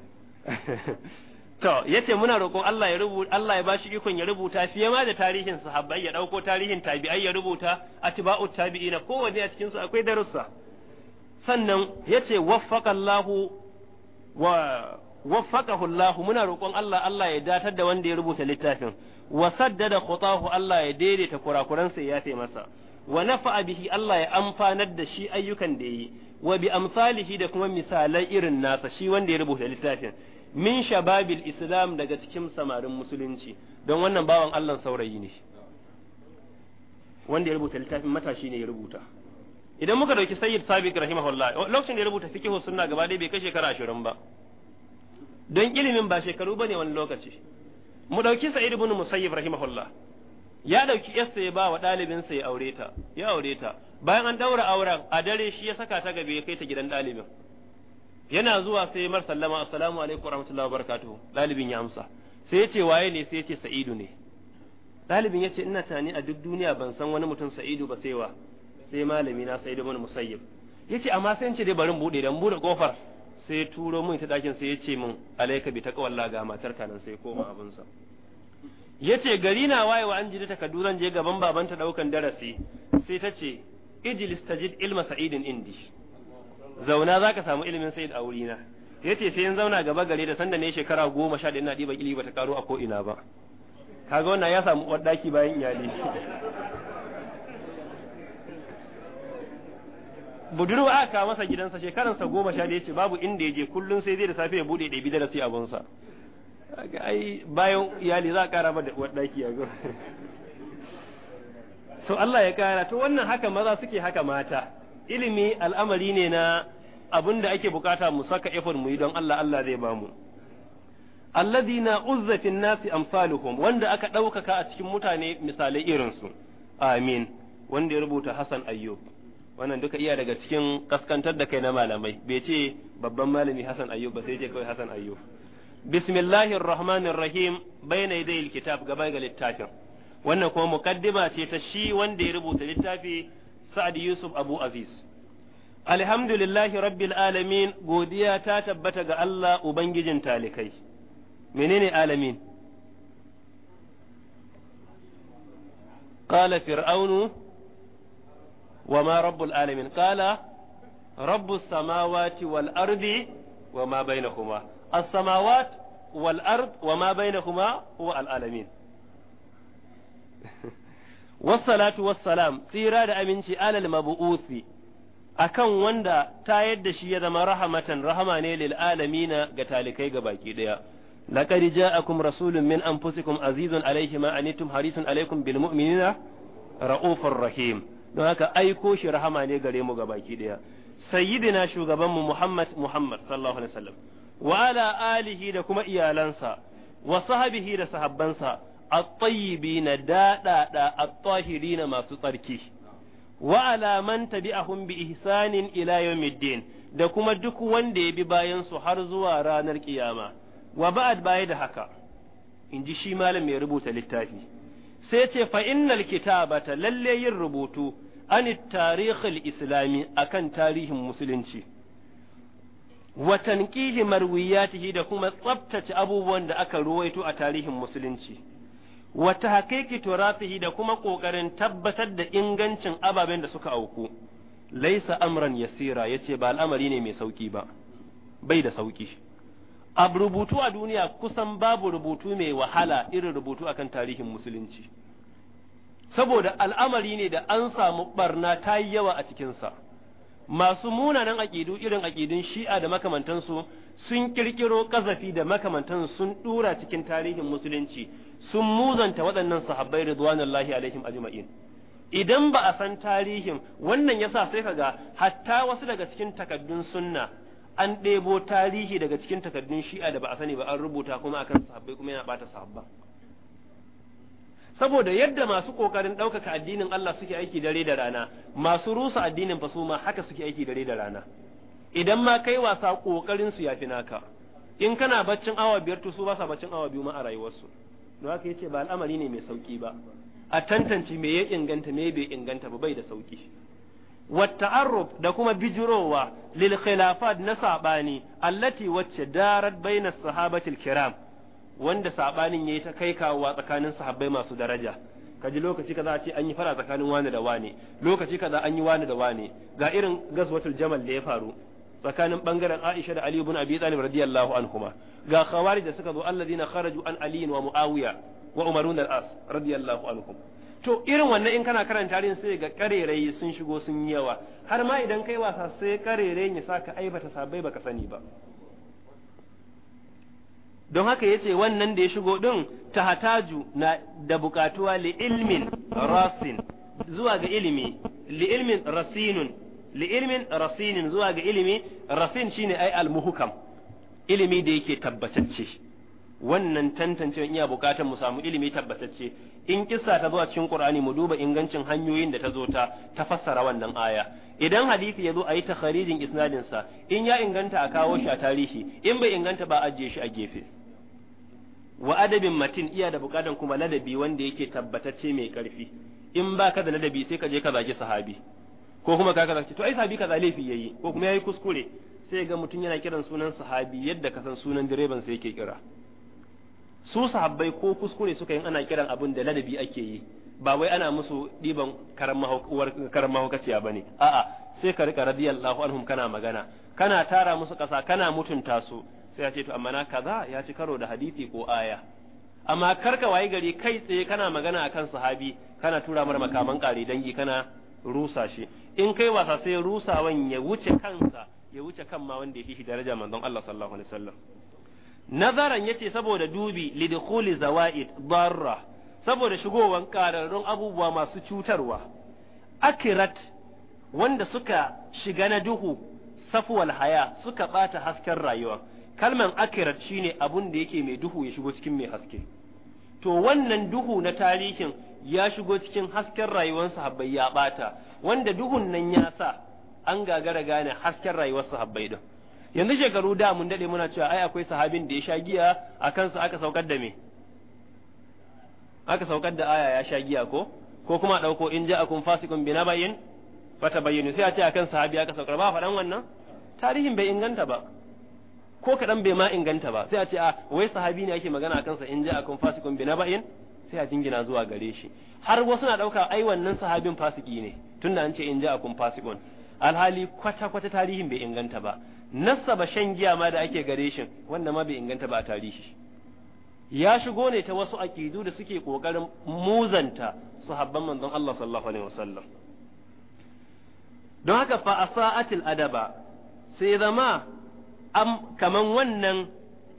S1: to yace muna roƙon Allah ya rubuta Allah ya bashi ikon ya rubuta fiye ma da tarihin sahabbai ya dauko tarihin tabi'ai ya rubuta atba'ut tabi'ina kowanne a cikin su akwai darussa sannan yace waffaqa Allahu wa waffaqahu Allah muna roƙon Allah Allah ya datar da wanda ya rubuta littafin wa saddada khutahu Allah ya daidaita kurakuransa ya yafe masa wa nafa'a bihi Allah ya amfanar da shi ayyukan da yi wa bi amsalihi da kuma misalan irin nasa shi wanda ya rubuta littafin min shababil islam daga cikin samarin musulunci don wannan bawan Allah saurayi ne wanda ya rubuta littafin matashi ne ya rubuta idan muka dauki sayyid sabiq rahimahullah lokacin da ya rubuta fiqh sunna gaba dai bai kai shekara 20 ba don ilimin ba shekaru bane wani lokaci mu dauki sa'id ibn musayyib rahimahullah ya ɗauki yasta ya ba wa ɗalibinsa ya aure ta ya aure ta bayan an ɗaura auren a dare shi ya saka ta gabe ya kai ta gidan ɗalibin yana zuwa sai mar sallama assalamu alaikum warahmatullahi wabarakatuh ɗalibin ya amsa sai ya ce waye ne sai ya ce sa'idu ne ɗalibin ya ce ina tani a duk duniya ban san wani mutum sa'idu ba sai wa sai malami na sa'idu bin musayyib ya ce amma sai ya ce dai bari buɗe dan buɗe kofar sai turo min ta ɗakin sai ya ce min alaika ta taqwallah ga matar kanan sai koma abinsa yace gari na wayewa an ji ta kaduran je gaban babanta daukan darasi sai ta ce ijlis tajid ilma sa'idin indi zauna zaka samu ilimin sa'id a wurina yace sai in zauna gaba gare da sanda ne shekara goma sha da ina ɗiba ilimi bata karo a ko ina ba kaga wannan ya samu uwar daki bayan iyali budurwa aka kawo masa gidansa shekaransa goma sha da yace babu inda ya je kullum sai zai da safe ya buɗe ɗabi darasi a bansa ai bayan iyali za a kara ba da wadaki ya so Allah ya kara to wannan haka maza suke haka mata ilimi al'amari ne na abin da ake bukata mu saka effort mu yi don Allah Allah zai ba mu alladhina uzza nasi amsaluhum wanda aka ɗaukaka a cikin mutane misalai irinsu amin wanda ya rubuta Hassan Ayyub wannan duka iya daga cikin kaskantar da kai na malamai bai ce babban malami Hassan Ayyub ba sai ce kawai Hassan Ayyub bismillahir rahmanir rahim bayna yaday alkitab gaba ga littafin wannan kuma mukaddima ce ta shi wanda ya rubuta littafi Sa'ad Yusuf Abu Aziz lillahi rabbil alamin godiya ta tabbata ga Allah ubangijin talikai menene alamin قال kala rabbu رب العالمين قال رب السماوات والأرض وما بينهما as-samawat wal ard wa ma bainahuma huwa al alamin wassalatu wassalam tsira da aminci alal mabu'uthi akan wanda ta yadda shi ya zama rahamatan rahama ne lil alamina ga talikai ga baki daya laqad ja'akum rasulun min anfusikum azizun alayhi ma anitum alaykum rahim don haka aiko shi rahama ne gare mu ga baki daya sayyidina shugabanmu muhammad muhammad sallallahu alaihi wasallam Wa'ala alihi da kuma iyalansa wa sahabihi da sahabbansa a at-tayyibina daɗaɗa at na masu tsarki Wa'ala manta man tabi'ahum bi ihsanin ila yawmiddin da kuma duk wanda ya bi bayansu har zuwa ranar kiyama wa ba'ad baya da haka in ji shi malam mai rubuta littafi sai ce fa'innar innal kitabata lalle yin rubutu an tarihil islami akan tarihin musulunci wa tanqihi marwiyatihi da kuma tsabtace abubuwan da aka ruwaito a tarihin musulunci wa tahqiqi turafihi da kuma ƙoƙarin tabbatar da ingancin ababen da suka auku laisa amran yasira yace ba al'amari ne mai sauƙi ba bai da sauƙi. a rubutu a duniya kusan babu rubutu mai wahala irin rubutu akan tarihin musulunci saboda al'amari ne da an samu barna ta yi yawa a cikinsa masu munanan aƙidu irin aƙidun shi'a da makamantansu sun kirkiro kazafi da makamantan sun dura cikin tarihin musulunci sun muzanta waɗannan sahabbai ridwanullahi alaihim ajma'in idan ba a san tarihin wannan yasa sai kaga hatta wasu daga cikin takaddun sunna an ɗebo tarihi daga cikin takaddun shi'a da ba a sani ba an rubuta kuma akan sahabbai kuma yana bata sahabban saboda yadda masu kokarin ɗaukaka addinin Allah suke aiki dare da rana masu rusa addinin fa su ma haka suke aiki dare da rana idan ma kai wasa kokarin su yafi naka in kana baccin awa biyar to su ba sa baccin awa biyu ma a rayuwarsu don haka yace ba al'amari ne mai sauki ba a tantance me ya inganta me bai inganta ba bai da sauki والتعرف da kuma bijirowa lil khilafat na saɓani, allati wacce darat bainas sahabatul kiram wanda sabanin yayi ta kai kawowa tsakanin sahabbai masu daraja kaji lokaci kaza a ce an yi fara tsakanin wani da wani lokaci kaza an yi wani da wani ga irin gazwatul jamal da ya faru tsakanin bangaren Aisha da Ali ibn Abi Talib radiyallahu anhuma ga khawarij da suka zo alladina kharaju an Ali wa Muawiya wa Umar ibn al-As radiyallahu anhum to irin wannan in kana karanta tarihin sai ga karerai sun shigo sun yi yawa har ma idan kai wasa sai karerai ya saka aibata sabai baka sani ba don haka ya ce wannan da ya shigo din tahataju na da bukatuwa li ilmin rasin zuwa ga ilimi li ilmin rasinun li ilmin rasinin zuwa ga ilimi rasin shine ai almuhukam ilimi da yake tabbatacce wannan tantance iya bukatar mu samu ilimi tabbatacce in kissa ta zuwa cikin Qur'ani mu duba ingancin hanyoyin da ta zo ta ta fassara wannan aya idan hadisi ya zo a yi ta isnadin sa in ya inganta a kawo shi a tarihi in bai inganta ba ajiye shi a gefe wa adabin matin iya da bukatan kuma ladabi wanda yake tabbatacce mai karfi in ba ka da ladabi sai ka je ka zaki sahabi ko kuma ka kaza to ai sahabi ka laifi yayi ko kuma yayi kuskure sai ga mutum yana kiran sunan sahabi yadda ka san sunan direban sai yake kira su sahabbai ko kuskure suka yin ana kiran abin da ladabi ake yi ba wai ana musu ɗiban karan mahaukaciya ba ne a'a sai ka rika radiyallahu anhum kana magana kana tara musu kasa kana mutunta su sai ya ce to amma na kaza ya ci karo da hadisi ko aya amma karka waye gari kai tsaye kana magana akan sahabi kana tura mar makaman kare dangi kana rusa shi in kai wasa sai rusawan ya wuce kansa ya wuce kan ma wanda ya fi shi daraja manzon Allah sallallahu alaihi wasallam nazaran yace saboda dubi lidkhuli zawaid darra saboda shigowan kararrun abubuwa masu cutarwa akirat wanda suka shiga na duhu safuwal haya suka bata hasken rayuwa kalman akirat shine abun da yake mai duhu ya shigo cikin mai haske to wannan duhu na tarihin ya shigo cikin hasken rayuwar sahabbai ya bata wanda duhun nan ya sa an gagara gane hasken rayuwar sahabbai din yanzu shekaru da mun dade muna cewa ai akwai sahabin da ya sha giya a kansa aka saukar da me aka saukar da aya ya sha giya ko ko kuma dauko in ja'akum fasiqun binabayin fatabayyinu sai a ce akan sahabi aka saukar ba faɗan wannan tarihin bai inganta ba ko kaɗan bai ma inganta ba sai a ce a ah, wai sahabi ne ake magana kansa in ja akan fasikun bi naba'in sai a jingina zuwa gare shi har wasu na ɗauka ai wannan sahabin fasiki ne tunda an ce in ja akan fasikun alhali kwata kwata tarihin bai inganta ba nasaba shan giya ma da ake gare shi wanda ma bai inganta ba a tarihi ya shigo ne ta wasu aƙidu da suke ƙoƙarin muzanta sahabban manzon Allah sallallahu alaihi wasallam don haka fa asa'atil adaba sai zama kaman wannan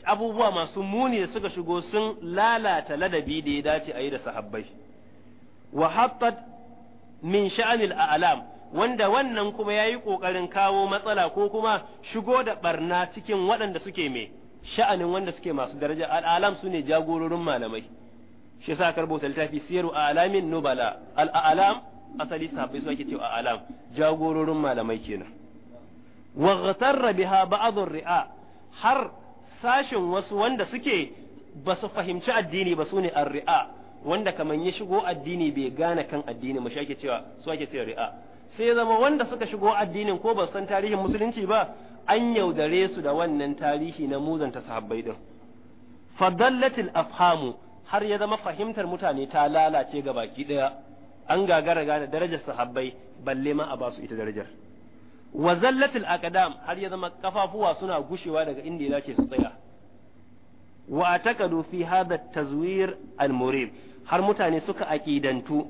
S1: abubuwa masu muni da suka shigo sun lalata ladabi da ya dace a yi da sahabbai wa min sha'anil a'lam wanda wannan kuma ya yi ƙoƙarin kawo matsala ko kuma shigo da barna cikin waɗanda suke mai sha'anin wanda suke masu daraja al'alam su ne jagororin malamai shi yasa karbo rubuta littafi siyaru alamin nubala al'alam asali sahabbai su ake cewa alam jagororin malamai kenan wa biha ba'd ria har sashin wasu wanda suke ba su fahimci addini ba sune ar-ri'a wanda kaman ya shigo addini bai gane kan addini mashi ake cewa su ake cewa ri'a sai zama wanda suka shigo addinin ko ba san tarihin musulunci ba an yaudare su da wannan tarihi na muzanta sahabbai din fadallatil afhamu har ya zama fahimtar mutane ta lalace ga baki daya an gagara gane darajar sahabbai balle ma a basu ita darajar wa zallatul aqdam har ya zama kafafuwa suna gushewa daga inda ya dace su tsaya wa atakadu fi hadha tazwir al-murib har mutane suka aqidantu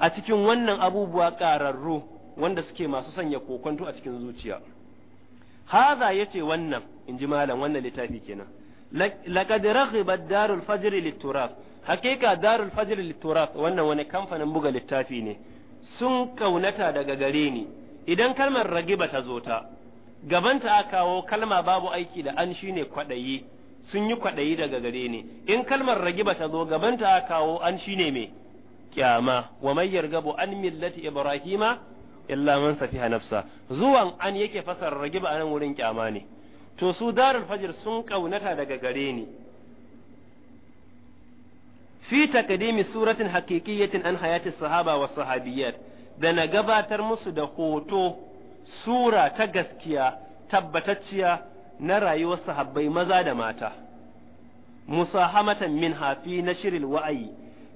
S1: a cikin wannan abubuwa ƙararru wanda suke masu sanya kokonto a cikin zuciya hadha yace wannan inji malam wannan littafi kenan laqad raghibat darul fajr lit-turab hakika darul fajr lit-turab wannan wani kamfanin buga littafi ne sun kaunata daga gare ni idan kalmar ragiba ta zo ta gabanta a kawo kalma babu aiki da an shine kwaɗayi sun yi kwaɗayi daga gare ni in kalmar ragiba ta zo gabanta a kawo an shine me kyama wa mai yargabu an millati ibrahima illa man safiha nafsa zuwan an yake fasar ragiba anan wurin kyama ne to su darul fajr sun kaunata daga gare ni fi taqdimi suratin haqiqiyatin an hayati sahaba wa sahabiyat da na gabatar musu da hoto sura ta gaskiya tabbatacciya na rayuwar sahabbai maza da mata musahamatan min hafi na shirin wa'ayi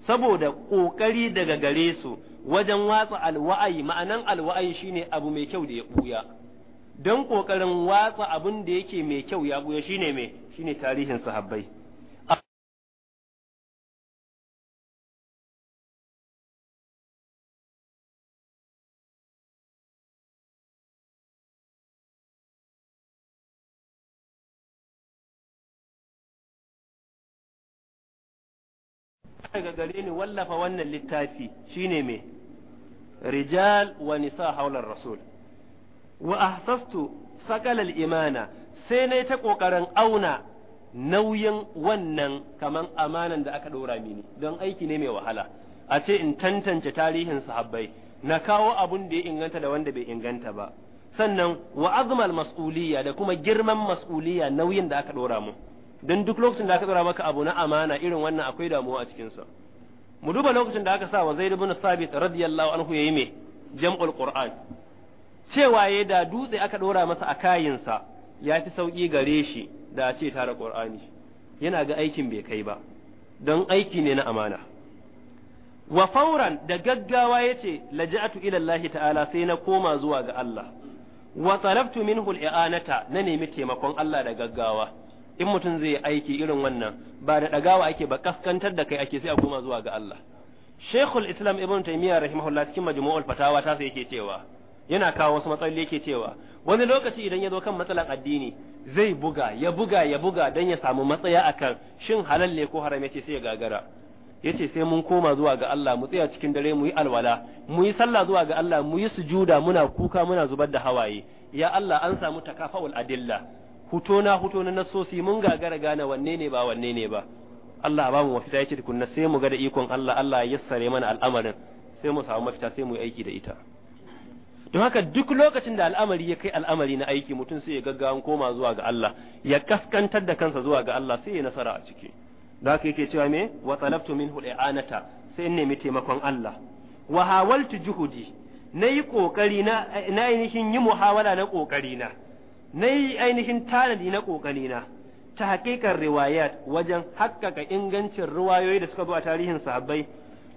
S1: saboda ƙoƙari daga gare su wajen watsa alwa'ayi ma'anan alwa'ayi shine abu mai kyau da ya ɓuya don ƙoƙarin watsa abin da yake mai kyau ya ɓuya shine mai shine tarihin sahabbai daga gare ni wallafa wannan littafi shine me rijal wa nisa haular rasul wa ahsastu imana sai nayi ta kokarin auna nauyin wannan kaman amanan da aka dora mini don aiki ne mai wahala a ce in tantance tarihin sahabbai na kawo abun da ya inganta da wanda bai inganta ba sannan wa azmal mas'uliyya da kuma girman mas'uliyya nauyin da aka dora mu don duk lokacin da aka tsara maka abu na amana irin wannan akwai damuwa a cikinsa mu duba lokacin da aka sa wa zaid ibn sabit radiyallahu anhu yayi me jam'ul qur'an cewa yayi da dutse aka dora masa a kayinsa ya fi sauki gare shi da a ce tara qur'ani yana ga aikin bai kai ba don aiki ne na amana wa fauran da gaggawa yace laja'atu ila Allah ta'ala sai na koma zuwa ga Allah wa talabtu minhu al'anata na nemi taimakon Allah da gaggawa in mutum zai aiki irin wannan ba da dagawa ake ba kaskantar da kai ake sai a koma zuwa ga Allah Sheikhul Islam Ibn Taymiyyah rahimahullah cikin majmu'ul fatawa ta sai yake cewa yana kawo wasu matsaloli yake cewa wani lokaci idan ya zo kan matsalan addini zai buga ya buga ya buga dan ya samu matsaya akan shin halal ne ko haram yace sai ya gagara yace sai mun koma zuwa ga Allah mu tsaya cikin dare mu yi alwala mu yi sallah zuwa ga Allah mu yi sujuda muna kuka muna zubar da hawaye ya Allah an samu takafa'ul adilla hutona na na nasosi mun gagara gane wanne ne ba wanne ne ba Allah ba mu mafita yace kunna sai mu ga da ikon Allah Allah ya yassare mana al'amarin sai mu samu mafita sai mu yi aiki da ita don haka duk lokacin da al'amari ya kai al'amari na aiki mutum sai ya gaggawan koma zuwa ga Allah ya kaskantar da kansa zuwa ga Allah sai ya nasara a ciki da haka yake cewa me wa talabtu minhu al'anata sai in nemi taimakon Allah wa hawaltu juhudi na yi kokari na ainihin yi muhawala na kokari na na yi ainihin tanadi na na ta haƙiƙar riwayat wajen haƙƙaƙa ingancin riwayoyi da suka zo a tarihin sahabbai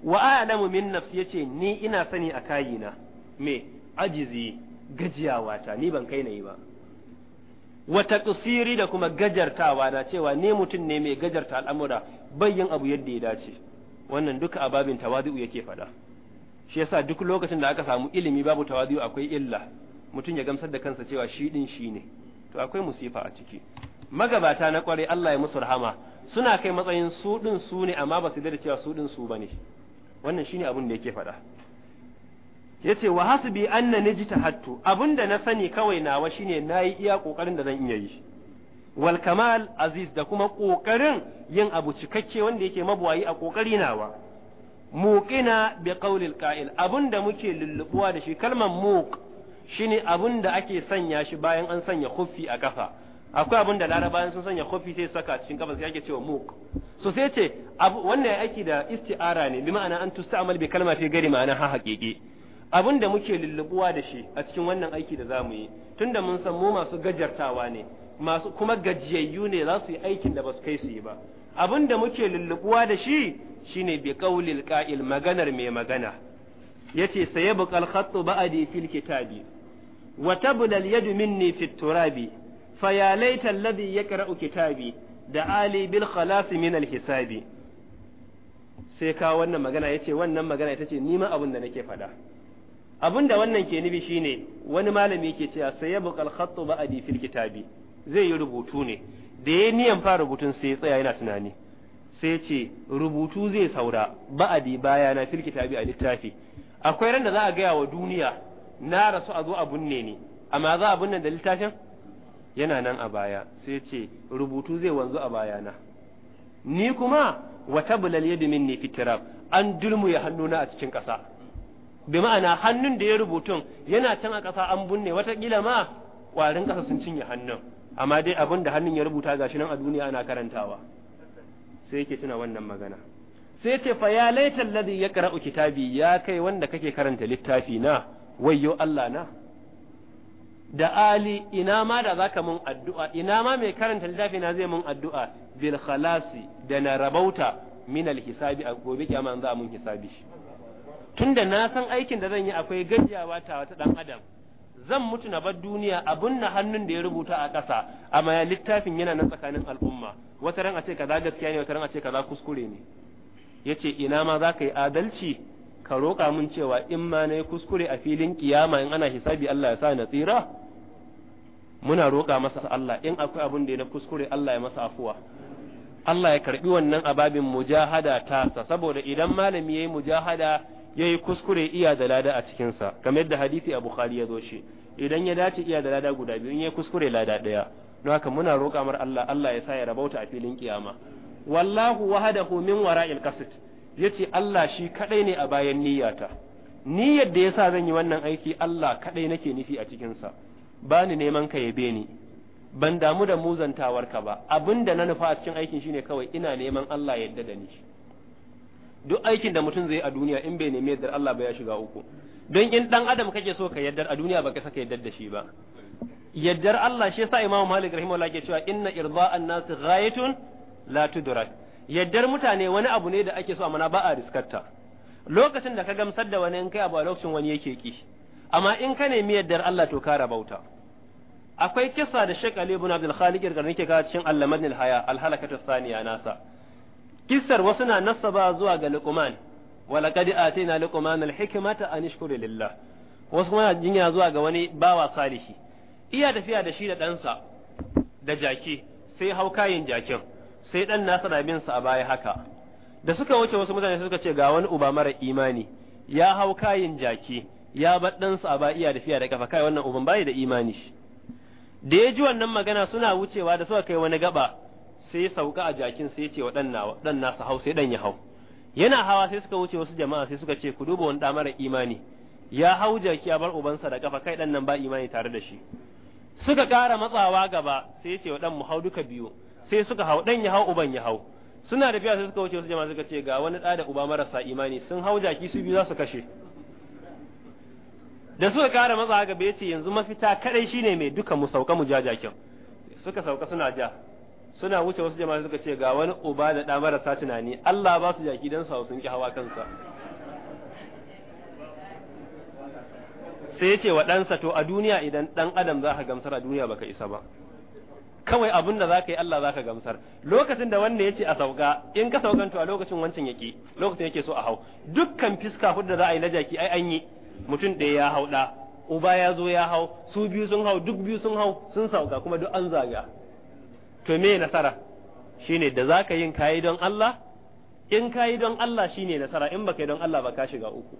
S1: wa a'lamu min nafsi yace ni ina sani a kayina me ajizi gajiyawa ta ni ban kai na yi ba wa taqsiri da kuma gajartawa na cewa ne mutum ne mai gajarta al'amura bayyan abu yadda ya dace wannan duka a babin tawazu yake faɗa shi yasa duk lokacin da aka samu ilimi babu tawadu akwai illa mutum ya gamsar da kansa cewa shi din shi ne to akwai musifa a ciki magabata na kware Allah ya musu rahama suna kai matsayin su din su ne amma ba su da cewa su din su bane wannan shine abin da yake faɗa yace wa hasbi anna hattu abinda na sani kawai nawa shine nayi iya kokarin da zan iya yi wal kamal aziz da kuma kokarin yin abu cikakke wanda yake mabuwayi a kokari nawa muqina bi qawlil qa'il abinda muke lullubuwa da shi kalmar muq ne abun da ake sanya shi bayan an sanya kufi a kafa akwai abin da bayan sun sanya kufi sai saka cikin kafa sai ake cewa muk so sai ce wannan aiki da isti'ara ne bi ma'ana an tusta'mal bi kalma fi gari ma'ana ha haƙiƙi abun da muke lullubuwa da shi a cikin wannan aiki da zamu yi tunda mun san mu masu gajartawa ne masu kuma gajiyayyu ne za su yi aikin da ba su kai su yi ba abin da muke lullubuwa da shi shine bi qaulil qa'il maganar mai magana yace sayabqa al-khattu ba'di fil kitabi wa tabla al-yadu minni fit turabi fa ya laita alladhi yaqra'u kitabi da ali bil khalas min al-hisabi sai ka wannan magana yace wannan magana ita ce ma abin da nake faɗa abin da wannan ke nufi shine wani malami yake cewa "Saya al-khattu ba'di fil kitabi zai yi rubutu ne da ya niyan fara rubutun sai ya tsaya yana tunani sai ce rubutu zai saura ba'adi baya na fil kitabi a littafi akwai ran da za a gaya wa duniya na rasu a zo a binne ni amma za a binne da littafin yana nan a baya sai ce rubutu zai wanzu a baya na ni kuma wata bulal yadda ne fitira an hannu hannuna a cikin ƙasa bi ma'ana hannun da ya rubutun yana can a ƙasa an binne watakila ma ƙwarin ƙasa sun cinye hannun amma dai abin da hannun ya rubuta gashi nan a duniya ana karantawa sai yake tuna wannan magana sai ce fa ya laital ladhi yaqra'u kitabi ya kai wanda kake karanta littafi na wayyo Allah na da ali ina ma da zaka mun addu'a ina ma mai karanta littafi na zai mun addu'a bil khalasi da na rabauta min al hisabi gobe kiyama an za mun hisabi tunda na san aikin da zan yi akwai gajiyawa ta wata dan adam zan mutu na bar duniya abun na hannun da ya rubuta a ƙasa amma ya littafin yana nan tsakanin al'umma wata ran a ce kaza gaskiya ne wata ran a ce kaza kuskure ne Ya ce ina ma za ka yi adalci ka roƙa mun cewa in ma na yi kuskure a filin kiyama in ana hisabi Allah ya sa na tsira muna roƙa masa Allah in akwai abin da ya na kuskure Allah ya masa afuwa Allah ya karbi wannan ababin mujahada tasa saboda idan malami yayi mujahada yayi kuskure iya da lada a cikin sa kamar yadda hadisi a Bukhari ya zo shi idan ya dace iya da lada guda biyu in yayi kuskure lada daya don haka muna roƙa mar Allah Allah ya sa ya rabauta a filin kiyama wallahu wahadahu min wara'il ya yace Allah shi kadai ne a bayan niyyata niyyar da yasa zan yi wannan aiki Allah kadai nake nufi a cikin sa bani neman ka yabe ni ban damu da muzantawarka ba abinda na nufa a cikin aikin shine kawai ina neman Allah yadda da ni duk aikin da mutum zai a duniya in bai nemi yadda Allah ba ya shiga uku don in dan adam kake so ka yaddar a duniya baka saka yaddar da shi ba yaddar Allah shi yasa Imam Malik rahimahullah ke cewa inna irda'an nas ghayatun la tudrak yaddar mutane wani abu ne da ake so amma ba a riskarta lokacin da ka gamsar da wani in kai abu a lokacin wani yake ki amma in ka nemi yaddar Allah to kara bauta akwai kisa da Sheikh Ali ibn Abdul Khaliq da nake ka cikin Al-Madn al-Haya al-halakatu thaniya nasa kissar wasu na nasaba zuwa ga Luqman wa laqad atayna Luqman al-hikmata an ishkura lillah wasu kuma jinya zuwa ga wani bawa salihi iya tafiya da shi da ɗansa da jaki sai hau kayan jakin sai ɗan nasa na bin sa a baya haka da suka wuce wasu mutane suka ce ga wani uba mara imani ya hau kayin jaki ya bar ɗansa a iya da da kafa kai wannan uban bai da imani da ya ji wannan magana suna wucewa da suka kai wani gaba sai sauka a jakin sai ya ce wa ɗan nasa hau sai ɗan ya hau yana hawa sai suka wuce wasu jama'a sai suka ce ku duba wani mara imani ya hau jaki ya bar ubansa da kafa kai ɗan nan ba imani tare da shi suka ƙara matsawa gaba sai ya ce wa ɗan mu hau duka biyu sai suka hau dan ya hau uban ya hau suna da biya sai suka wuce su jama'a suka ce ga wani da uba marasa imani sun hau jaki su biyu za su kashe da suka kara matsa haka bai ce yanzu mafita kadai shine mai duka mu sauka mu ja jakin suka sauka suna ja suna wuce wasu jama'a suka ce ga wani uba da ɗa marasa tunani Allah ba su jaki dan sa sun ki hawa kansa sai ya ce wa ɗansa to a duniya idan ɗan adam za ka gamsar a duniya baka isa ba kawai abin da zaka yi Allah zaka gamsar lokacin da wanda yace a sauka in ka saukan to a lokacin wancan yake lokacin yake so a hau dukkan fiska hudu da za a yi na jaki ai an yi mutum ɗaya ya hau da uba ya zo ya hau su biyu sun hau duk biyu sun hau sun sauka kuma duk an zaga to me nasara shine da zaka yin kayi don Allah in kayi don Allah shine nasara in baka yi don Allah ba ka shiga uku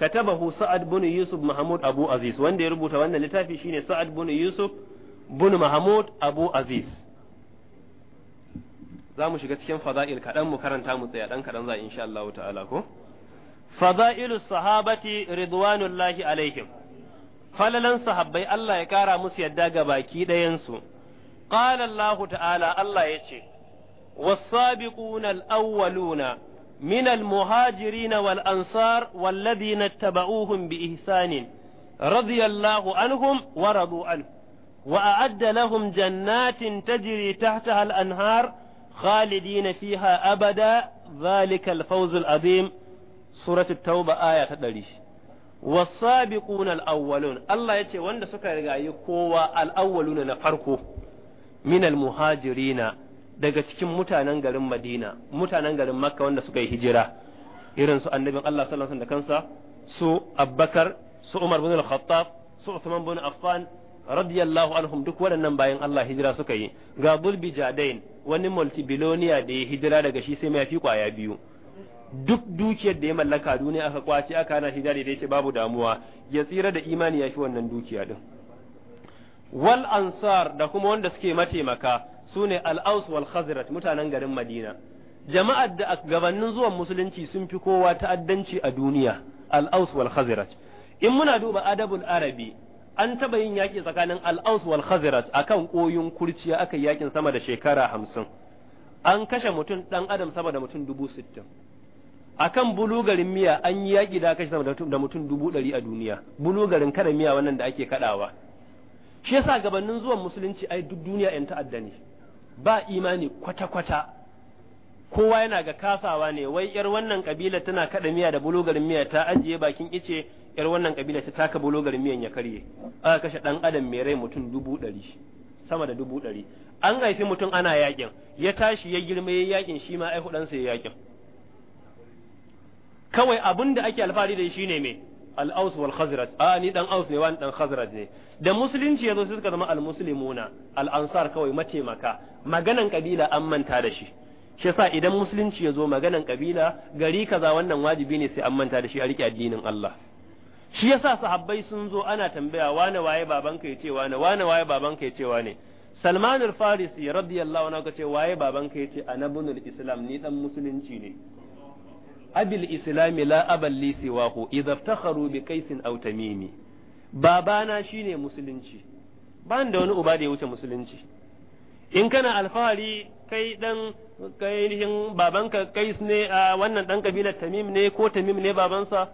S1: katabahu sa'ad bin yusuf mahmud abu aziz wanda ya rubuta wannan littafi shine sa'ad bin yusuf bin Mahmud Abu Aziz za mu shiga cikin faza'il kaɗan mu karanta mu tsaya ɗan kaɗan za insha Allah ta'ala ko fada'ilu sahabati ridwanullahi alaihim falalan sahabbai Allah ya kara musu yadda ga baki ɗayansu qala Allah ta'ala Allah ya ce والسابقون الأولون من المهاجرين والأنصار والذين اتبعوهم بإحسان رضي الله عنهم wa عنه وأعد لهم جنات تجري تحتها الأنهار خالدين فيها أبدا ذلك الفوز العظيم سورة التوبة آية تدريش والسابقون الأولون الله يتي وند kowa رغاي كوا الأولون نفرقو من المهاجرين daga cikin mutanen garin Madina mutanen garin Makka wanda suka yi hijira irin su annabin Allah sallallahu alaihi da kansa su Abubakar su Umar bin Al-Khattab su Uthman bin Affan radiyallahu anhum duk waɗannan bayan Allah hijira suka yi ga bulbi jadain wani multibiloniya da ya hijira daga shi sai mafi kwaya biyu duk dukiyar da ya mallaka duniya aka kwace aka hana hijira da yace babu damuwa ya tsira da imani ya fi wannan dukiya din wal ansar da kuma wanda suke mataimaka sune al aus wal khazraj mutanen garin madina jama'ar da gabanin zuwan musulunci sun fi kowa ta'addanci a duniya al aus wal khazraj in muna duba adabul arabi an taba yin yaki tsakanin al-Aus wal Khazraj akan koyun kurciya aka yakin sama da shekara hamsin an kashe mutum ɗan adam sama da mutum dubu sittin akan bulugarin miya an yi yaƙi da kashe sama da mutum dubu ɗari a duniya bulugarin kada miya wannan da ake kaɗawa shi yasa gabanin zuwan musulunci ai duk duniya yan ta'adda ne ba imani kwata-kwata kowa yana ga kasawa ne wai yar wannan kabila tana kada miya da bulugarin miya ta ajiye bakin ice yar wannan kabila ta taka bolo garin miyan ya karye aka kashe dan adam mai rai mutum dubu ɗari sama da dubu ɗari an haifi mutum ana yakin ya tashi ya girma ya yakin shi ma aihu ɗansa ya yakin kawai abun da ake alfahari da shi ne me al wal khazraj a ni dan aus ne wani dan khazraj ne da musulunci yazo sai suka zama al-muslimuna al-ansar kawai mataimaka maganan kabila an manta da shi shi yasa idan musulunci yazo maganan kabila gari kaza wannan wajibi ne sai an manta da shi a rike addinin Allah shi yasa sahabbai sun zo ana tambaya wane waye babanka ya wane wane waye babanka ya ce wane Salman al-Farisi radiyallahu anhu ce waye babanka ya ce anabunul islam ni dan musulunci ne abil islami la abal li siwahu idza iftakharu bi kaisin aw tamimi babana shine musulunci ban da wani uba da ya wuce musulunci in kana alfahari kai dan kai babanka kais ne a wannan dan kabilar tamim ne ko tamim ne babansa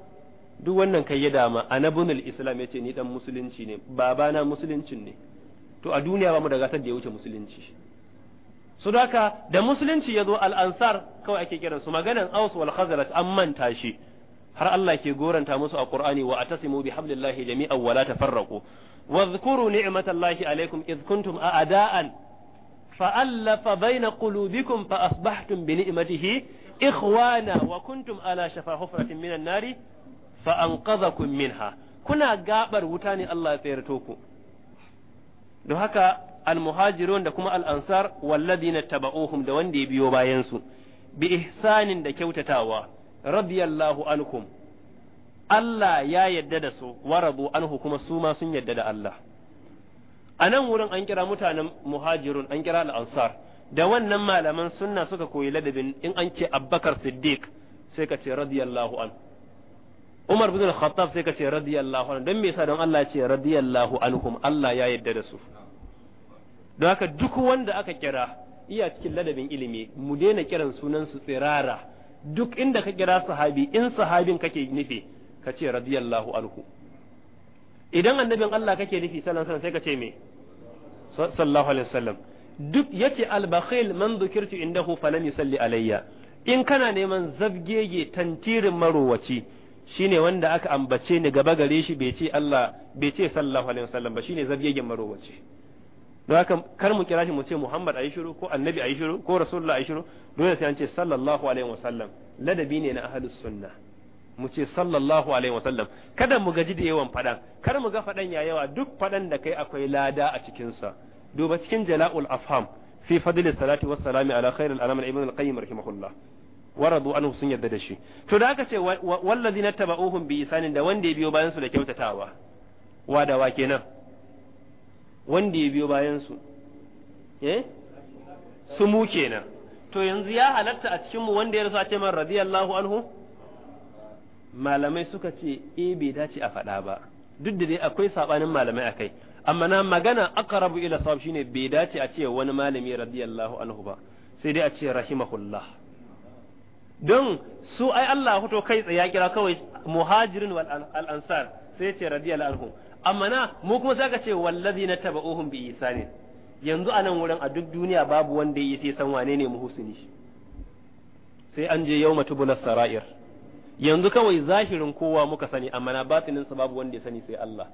S1: duk wannan kai ya dama anabunul islam ce ni dan musulunci ne babana musuluncin ne to a duniya ba mu da gasar da ya wuce musulunci su haka da musulunci ya zo al'ansar kawai ake kiran su maganan aus wal khazraj an manta shi har Allah ke goranta musu a Qur'ani wa atasimu bi hablillahi jami'an wa la tafarraqu wa dhkuru ni'matallahi alaykum idh kuntum a'da'an fa'alafa baina qulubikum fa asbahtum bi ni'matihi ikhwana wa kuntum ana shafa minan nari fa anqadhakum minha kuna gabar wuta ne Allah ya tsayarto ku don haka almuhajirun da kuma al'ansar walladina taba'uhum da wanda ya biyo bayansu bi ihsanin da kyautatawa radiyallahu ankum Allah ya yadda da su warabu anhu kuma su ma sun yadda da Allah a nan wurin an kira mutanen muhajirun an kira al'ansar da wannan malaman sunna suka koyi ladabin in an ce abbakar siddiq sai ka ce radiyallahu anhu Umar bin Khattab sai ka ce radiyallahu anhu don me yasa don Allah ya ce radiyallahu anhum Allah ya yarda da su don haka duk wanda aka kira iya cikin ladabin ilimi mu daina kiran sunan su tsirara duk inda ka kira sahabi in sahabin kake nufi ka ce radiyallahu anhu idan annabin Allah kake nufi sallallahu alaihi sai ka ce me sallallahu alaihi wasallam duk yace al-bakhil man dhukirtu indahu falam yusalli alayya in kana neman zabgege tantirin marowaci Shi ne wanda aka ambace ni gaba gare shi bai ce Allah bai ce sallallahu alaihi wasallam ba shine zabiyayyen marowace don haka kar mu kira shi mu ce Muhammad ayi shiru ko Annabi ayi shiru ko Rasulullah ayi shiru dole sai an ce sallallahu alaihi wasallam ladabi ne na ahlus sunna mu ce sallallahu alaihi wasallam kada mu gaji da yawan fadan kar mu ga fadan ya yawa duk fadan da kai akwai lada a cikin sa duba cikin jala'ul afham fi fadli salati wassalamu ala khairil alamin ibn al-qayyim rahimahullah waradu anhu sun yarda da shi to da aka ce wallazi na taba'uhum bi isanin da wanda ya biyo bayan su da kyautatawa wa da wa kenan wanda ya biyo bayan su eh su mu kenan to yanzu ya halatta a cikin mu wanda ya rasu a ce man radiyallahu anhu malamai suka ce eh bai dace a faɗa ba duk da dai akwai sabanin malamai akai amma na magana aqrabu ila sawab shine bai dace a ce wani malami radiyallahu anhu ba sai dai a ce rahimahullah don su ai Allah hoto kai tsaye kira kawai muhajirin wal ansar sai ya ce radiyallahu anhu amma na mu kuma sai ka ce wallazina taba'uhum bi isanin yanzu anan wurin a duk duniya babu wanda ya san wane ne muhusini sai an je yau matubular sara'ir yanzu kawai zahirin kowa muka sani amma na batinin sa babu wanda ya sani sai Allah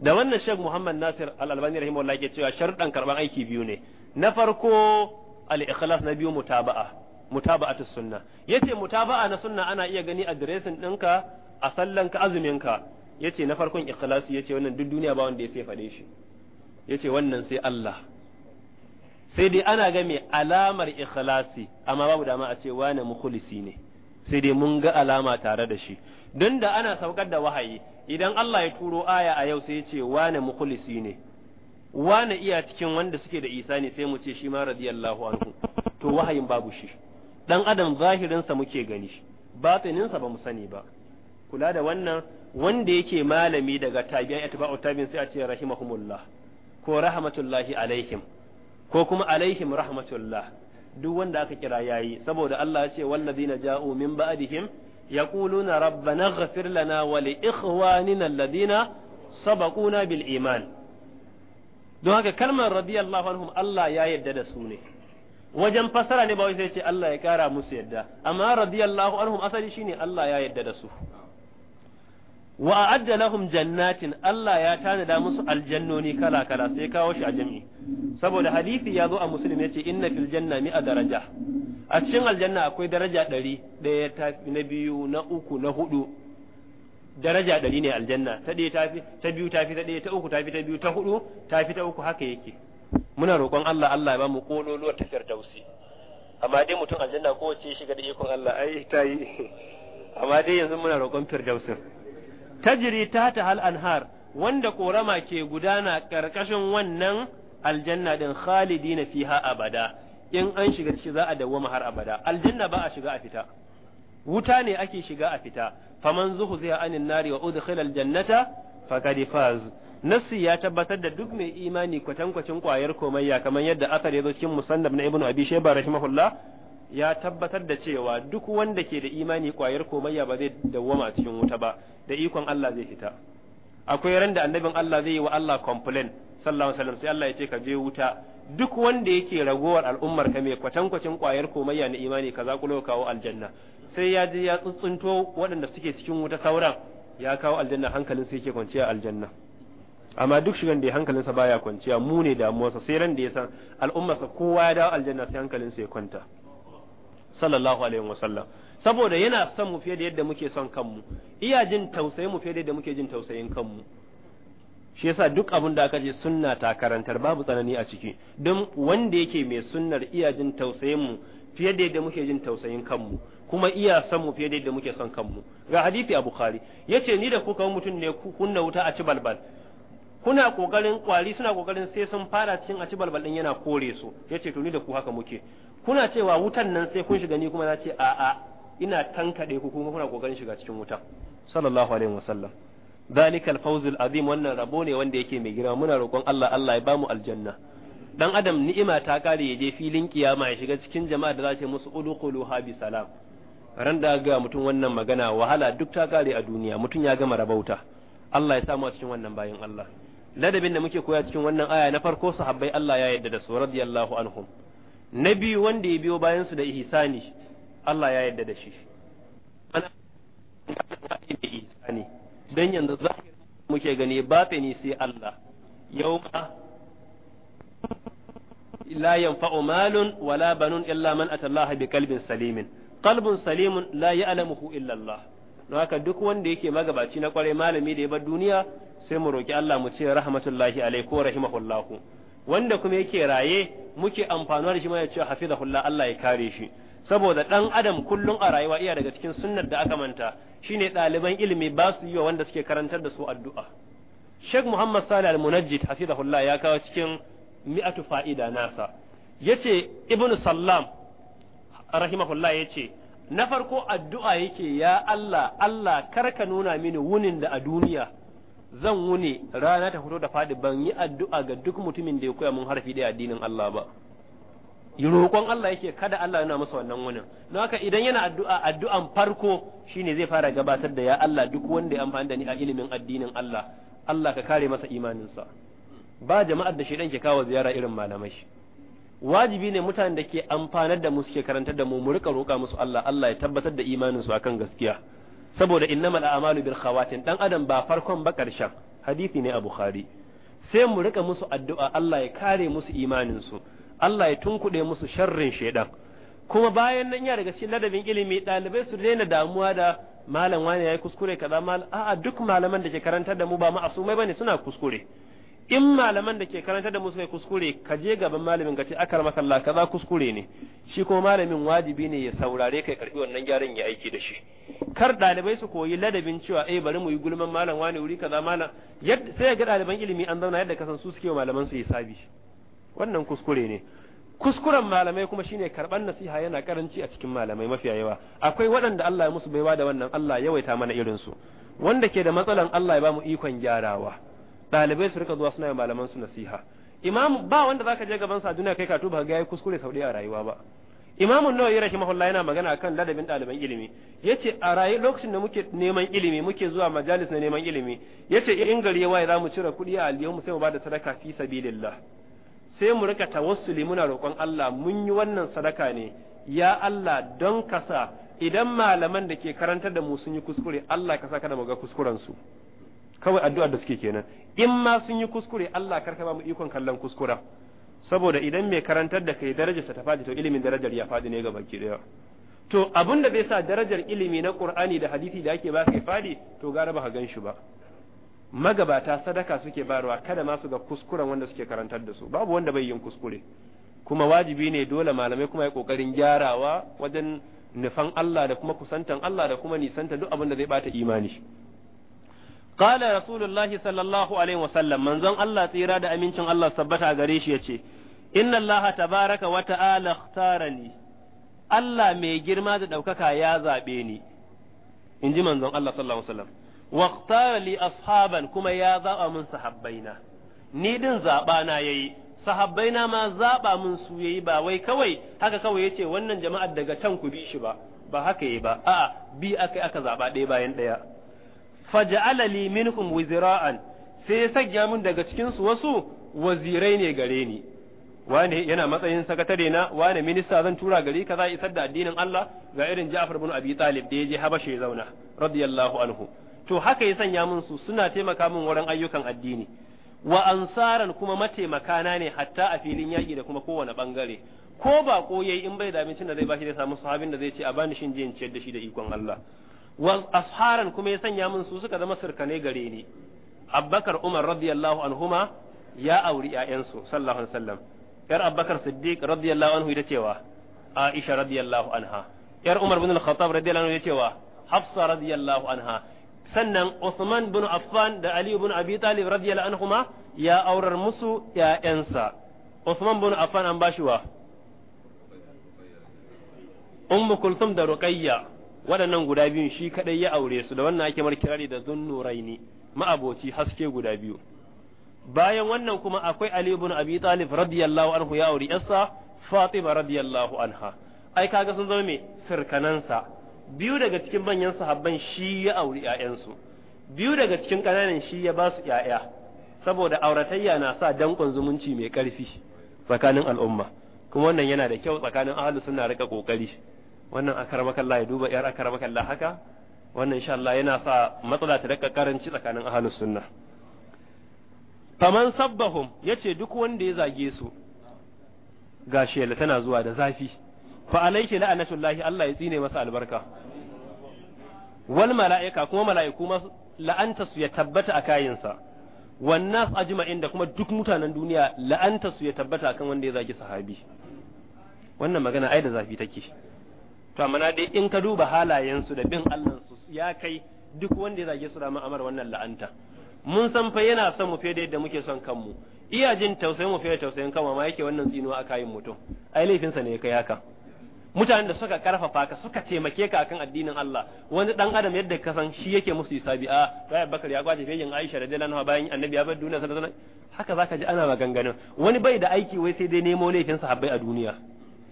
S1: da wannan Sheikh Muhammad Nasir Al-Albani rahimahullah yake cewa sharuɗan karban aiki biyu ne na farko al-ikhlas na biyu mutaba'a mutaba'atus sunna yace mutaba'a na sunna ana iya gani a dressing ɗinka a sallanka azuminka yace na farkon ikhlasi yace wannan duk duniya ba wanda ya sai faɗe shi yace wannan sai Allah sai dai ana ga mai alamar ikhlasi amma babu dama a ce wane mukhlisi ne sai dai mun ga alama tare da shi don da ana saukar da wahayi idan Allah ya turo aya a yau sai ya ce wane mukhlisi ne wane iya cikin wanda suke da isa ne sai mu ce shi ma radiyallahu anhu to wahayin babu shi dan adam zahirinsa muke gani batininsa ba mu sani ba kula da wannan wanda yake malami daga tabi'an itba'u tabi'in sai a ce rahimahumullah ko rahmatullahi alaihim ko kuma alaihim rahmatullah duk wanda aka kira yayi saboda Allah ya ce wallazina ja'u min ba'dihim yaquluna rabbana ighfir lana wa li ikhwanina alladhina sabaquna bil iman don haka kalmar radiyallahu anhum Allah ya yadda da su ne wajen fasara ne ba wai sai ce Allah ya kara musu yadda amma radiyallahu anhum asali shine Allah ya yadda da su wa a'adda lahum jannatin Allah ya tanada musu aljannoni kala kala sai kawo shi a jami'i saboda hadisi ya zo a muslim ce inna fil janna mi'a daraja a cikin aljanna akwai daraja ɗari ɗaya ta na biyu na uku na hudu daraja ɗari ne aljanna ta ɗaya ta ta biyu ta fi ta ɗaya ta uku ta fi ta biyu ta hudu ta fi ta uku haka yake muna roƙon Allah Allah ya ba mu kololo ta firdausi amma dai mutum aljanna ko wace shiga da ikon Allah ai ta yi amma dai yanzu muna roƙon firdausin tajri ta ta hal anhar wanda korama ke gudana karkashin wannan aljanna din khalidina fiha abada in an shiga ciki za a dawwama har abada aljanna ba a shiga a fita wuta ne ake shiga a fita faman zuhu zai anin nari wa udkhila aljannata faqad faz nassi ya tabbatar da duk mai imani kwatankwacin kwayar komayya kamar yadda asar ya zo cikin musannaf na ibnu abi shayba rahimahullah ya tabbatar da cewa duk wanda ke da imani kwayar komayya ba zai dawwama cikin wuta ba da ikon Allah zai fita akwai ran da annabin Allah zai yi wa Allah complain sallallahu alaihi wasallam sai Allah ya ce ka je wuta duk wanda yake ragowar al'ummar ka mai kwatankwacin kwayar komayya na imani kaza kulo kawo aljanna sai ya je ya tsuntsunto waɗanda suke cikin wuta sauran ya kawo aljanna hankalin sai yake kwanciya aljanna amma duk shigan da hankalinsa baya kwanciya mu ne damuwarsa sai ran da ya san al'ummarsa kowa ya dawo aljanna sai hankalinsa ya kwanta sallallahu alaihi wasallam saboda yana son mu fiye da yadda muke son kanmu iya jin tausayin mu fiye da yadda muke jin tausayin kanmu shi yasa duk abin da aka ce sunna ta karantar babu tsanani a ciki don wanda yake mai sunnar iya jin tausayin mu fiye da yadda muke jin tausayin kanmu kuma iya son mu fiye da yadda muke son kanmu ga hadisi a bukhari yace ni da kuka mutum ne kunna wuta a ci balbal kuna kokarin kwari suna kokarin sai sun fara cikin a ci balbalin yana kore su yace to ni da ku haka muke kuna cewa wutan nan sai kun shiga ni kuma na ce a a ina tankade ku kuma kuna kokarin shiga cikin wuta sallallahu alaihi wasallam ذلك الفوز العظيم wannan rabo ne wanda yake mai girma muna roƙon Allah Allah ya ba mu aljanna dan adam ni'ima ta kare ya je filin kiyama ya shiga cikin jama'a da za ce musu udkhulu ha bi salam ran da ga mutum wannan magana wahala duk ta kare a duniya mutum ya gama rabauta Allah ya samu a cikin wannan bayin Allah ladabin da muke koya cikin wannan aya na farko sahabbai Allah ya yarda da su radiyallahu anhum na biyu wanda ya biyo bayan su da ihsani Allah ya yarda da shi ana da ihsani dan yanzu zahiri muke gani ba ni sai Allah yauma la yanfa'u malun wala banun illa man atallaha bi qalbin salimin qalbun salimun la ya'lamuhu illa Allah don haka duk wanda yake magabaci na kwarai malami da ya bar duniya sai mu roki Allah mu ce rahmatullahi alaihi ko rahimahullahu wanda kuma yake raye muke amfanuwa da shi ma ya ce hafizahullah Allah ya kare shi saboda dan adam kullum a rayuwa iya daga cikin sunnar da aka manta shine ɗaliban ilimi ba su yi wa wanda suke karantar da su addu'a Sheikh Muhammad Salih Al-Munajjid hafizahullah ya kawo cikin mi'atu fa'ida nasa yace Ibn Sallam rahimahullah yace na farko addu'a yake ya Allah Allah karka nuna mini wunin da a duniya zan wuni rana ta fito da faɗi ban yi addu'a ga duk mutumin da ya koya mun harfi da addinin Allah ba yi roƙon Allah yake kada Allah yana masa wannan wunin don haka idan yana addu'a addu'an farko shine zai fara gabatar da ya Allah duk wanda ya amfani da ni a ilimin addinin Allah Allah ka kare masa imaninsa ba jama'ar da shaidan ke kawo ziyara irin malamai wajibi ne mutanen da ke amfanar da mu suke karantar da mu mu rika roƙa musu Allah Allah ya tabbatar da imaninsu akan gaskiya saboda innamal a'malu bil khawatin dan adam ba farkon ba karshen hadisi ne a bukhari sai mu rika musu addu'a Allah ya kare musu imanin su Allah ya tunkuɗe musu sharrin shaidan kuma bayan nan ya daga cikin ladabin ilimi ɗalibai su daina damuwa da malam wani yayi kuskure kaza mal a'a duk malaman da ke karantar da mu ba ma'asumai bane suna kuskure in malaman da ke karanta da musu kai kuskure ka je gaban malamin ka ce maka Allah kaza kuskure ne shi ko malamin wajibi ne ya saurare kai karbi wannan gyaran ya aiki da shi kar dalibai su koyi ladabin cewa eh bari mu yi gulman malam wani wuri kaza malam sai ga daliban ilimi an zauna yadda kasan su suke malaman su hisabi wannan kuskure ne kuskuren malamai kuma shine karban nasiha yana karanci a cikin malamai mafiya yawa akwai waɗanda Allah ya musu baiwa da wannan Allah yawaita mana irin su wanda ke da matsalan Allah ya ba mu ikon gyarawa ɗalibai su rika zuwa suna yin malaman su nasiha imam ba wanda zaka je gaban sa duniya kai k'a tuba ga yayi kuskure sau a rayuwa ba ya nawawi rahimahullah yana magana akan ladabin ɗaliban ilimi yace a rayuwa lokacin da muke neman ilimi muke zuwa majalis na neman ilimi yace in gari ya waye zamu cire kuɗi a aljihu mu sai mu bada sadaka fi sabilillah sai mu rika tawassuli muna roƙon Allah mun yi wannan sadaka ne ya Allah don kasa idan malaman da ke karantar da mu sun yi kuskure Allah ka sa kada mu ga kuskuren su kawai addu'ar da suke kenan in ma sun yi kuskure Allah karka ba mu ikon kallon kuskura saboda idan mai karantar da kai darajarsa ta faɗi to ilimin darajar ya faɗi ne ga baki daya to abun da zai sa darajar ilimi na Qur'ani da hadisi da ake ba kai faɗi to gara ba ka gan shi ba magabata sadaka suke barwa kada ma su ga kuskuren wanda suke karantar da su babu wanda bai yin kuskure kuma wajibi ne dole malamai kuma ya kokarin gyarawa wajen nufan Allah da kuma kusantan Allah da kuma nisanta duk abin da zai bata imani qala rasulullahi sallallahu alaihi wasallam manzon Allah tsira da amincin Allah sabbata gare shi yace inna allaha tabaraka wata ta'ala ikhtarani Allah mai girma da ɗaukaka ya zaɓe ni Inji ji manzon Allah sallallahu alaihi wasallam wa ikhtara li ashaban kuma ya zaba min sahabbaina ni din zaɓa na yayi sahabbaina ma zaɓa min su yayi ba wai kawai haka kawai yace wannan jama'ar daga can ku bi shi ba ba haka yayi ba a'a bi aka aka zaɓa ɗaya bayan ɗaya faj'ala li minkum wizra'an sai ya sanya mun daga cikin su wasu wazirai ne gare ni wane yana matsayin sakatare na wane minista zan tura gari za isar da addinin Allah ga irin Ja'far ibn Abi Talib da yaje Habasha ya zauna radiyallahu anhu to haka ya sanya mun su suna taimaka min wurin ayyukan addini wa ansaran kuma mataimakana ne hatta a filin yaƙi da kuma kowane bangare ko ba ko yayi in bai da abincin da zai bashi da samu sahabin da zai ce a bani shin je yadda ciyar da shi da ikon Allah wa asharan kuma ya sanya min su suka zama sirkane gare ni abbakar umar radiyallahu anhuma ya auri ƴaƴansu sallallahu alaihi wasallam yar abbakar siddiq radiyallahu anhu ita cewa aisha radiyallahu anha yar umar bin al-khattab radiyallahu anhu ita cewa hafsa radiyallahu anha sannan Usman bin Affan da Ali bin Abi Talib radiyallahu anhuma ya aurar musu ƴaƴansa Usman bin Affan an bashi wa Ummu Kulthum da Ruqayya waɗannan guda biyun shi kaɗai ya aure su da wannan ake mar kirari da zunnuraini ma'aboci haske guda biyu bayan wannan kuma akwai Ali ibn Abi Talib radiyallahu anhu ya aure yarsa Fatima radiyallahu anha ai kaga sun zama me sirkanansa biyu daga cikin manyan sahabban shi ya aure ƴaƴansu biyu daga cikin kananan shi ya ba su ƴaƴa saboda auratayya na sa dankon zumunci mai ƙarfi tsakanin al'umma kuma wannan yana da kyau tsakanin ahlus sunna rika kokari wannan a akaramakallah ya duba yar a akaramakallah haka wannan insha Allah yana sa matsala ta daga karanci tsakanin ahlus sunna faman sabbahum yace duk wanda ya zage su gashi tana zuwa da zafi fa alaihi la'anatullahi Allah ya tsine masa albarka wal mala'ika kuma mala'iku ma la'anta su ya tabbata a kayinsa wan nas ajma'in da kuma duk mutanen duniya la'anta su ya tabbata akan wanda ya zage sahabi wannan magana ai da zafi take to amma dai in ka duba halayen su da bin Allah su ya kai duk wanda ya zage su da ma'amar wannan la'anta mun san fa yana son mu fiye da yadda muke son kanmu iya jin tausayin mu fiye da tausayin kanmu ma yake wannan tsinuwa a kayin mutum ai laifinsa ne ya kai haka mutanen da suka karfafa ka suka taimake ka akan addinin Allah wani dan adam yadda ka san shi yake musu isabi a ah, Bayan bakar ya gwaje fiyin Aisha radiyallahu anha bayan annabi ya bar duniya sallallahu haka zaka ji ana maganganun wani bai da aiki wai sai dai nemo laifin sahabbai a duniya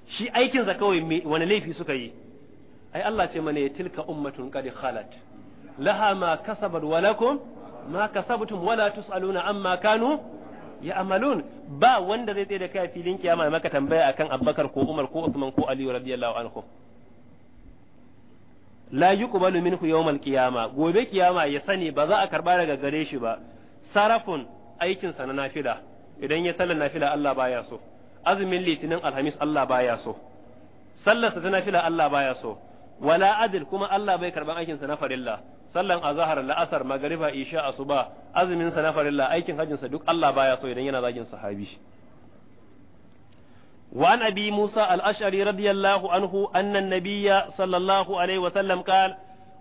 S1: shi aikinsa kawai wani laifi suka yi ai Allah ce mana ya tilka ummatun qad khalat laha ma kasabat wa lakum ma kasabtum wala tusaluna amma kanu ya'malun ba wanda zai tsaye da kai filin kiyama maka tambaya akan Abubakar ko Umar ko Usman, ko Ali radiyallahu anhu la yuqbalu minhu yawmal qiyama gobe kiyama ya sani ba za a karba daga gare shi ba sarafun aikin sa na nafila idan ya sallan nafila Allah baya so azumin litinin alhamis Allah baya so sallarsa ta fila Allah baya so wala adil kuma Allah bai karban aikinsa na farilla sallan azhar la'asar magriba isha asuba azumin sa na farilla aikin hajjin sa duk Allah baya so idan yana zagin sahabi wa an abi Musa al-Ash'ari radiyallahu anhu anna an-nabiyya sallallahu alaihi wa sallam qala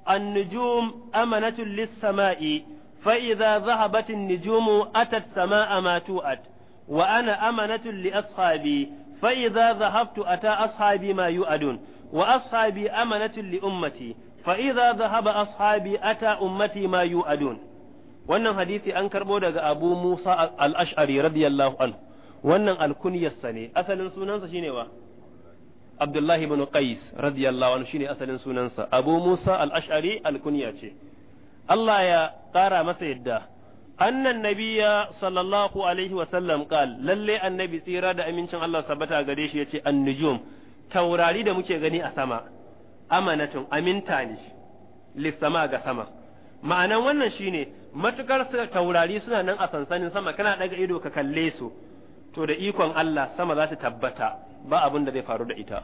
S1: an-nujum amanatun lis-sama'i fa idza dhahabat an-nujum atat samaa ma tu'at wa ana amanatun li ashabi fa idza dhahabtu ata ashabi ma yu'adun wa ashabi amanatun li ummati fa idza dhahaba ashabi ata ummati ma yu'adun wannan hadisi an karbo daga Abu Musa al-Ash'ari radiyallahu anhu wannan alkunyarsa ne asalin sunansa shine wa Abdullahi ibn Qais radiyallahu anhu shine asalin sunansa Abu Musa al-Ash'ari alkunya ce Allah ya ƙara masa yadda annan nabiya sallallahu alaihi sallam qal lalle annabi tsira da amincin Allah sabata gare shi yace annujum taurari da muke gani a sama amanatun aminta ne lissama ga sama ma'anan wannan shine matukar taurari suna nan a sansanin sama kana daga ido ka kalle su to da ikon Allah sama za ta tabbata ba abun da zai faru da ita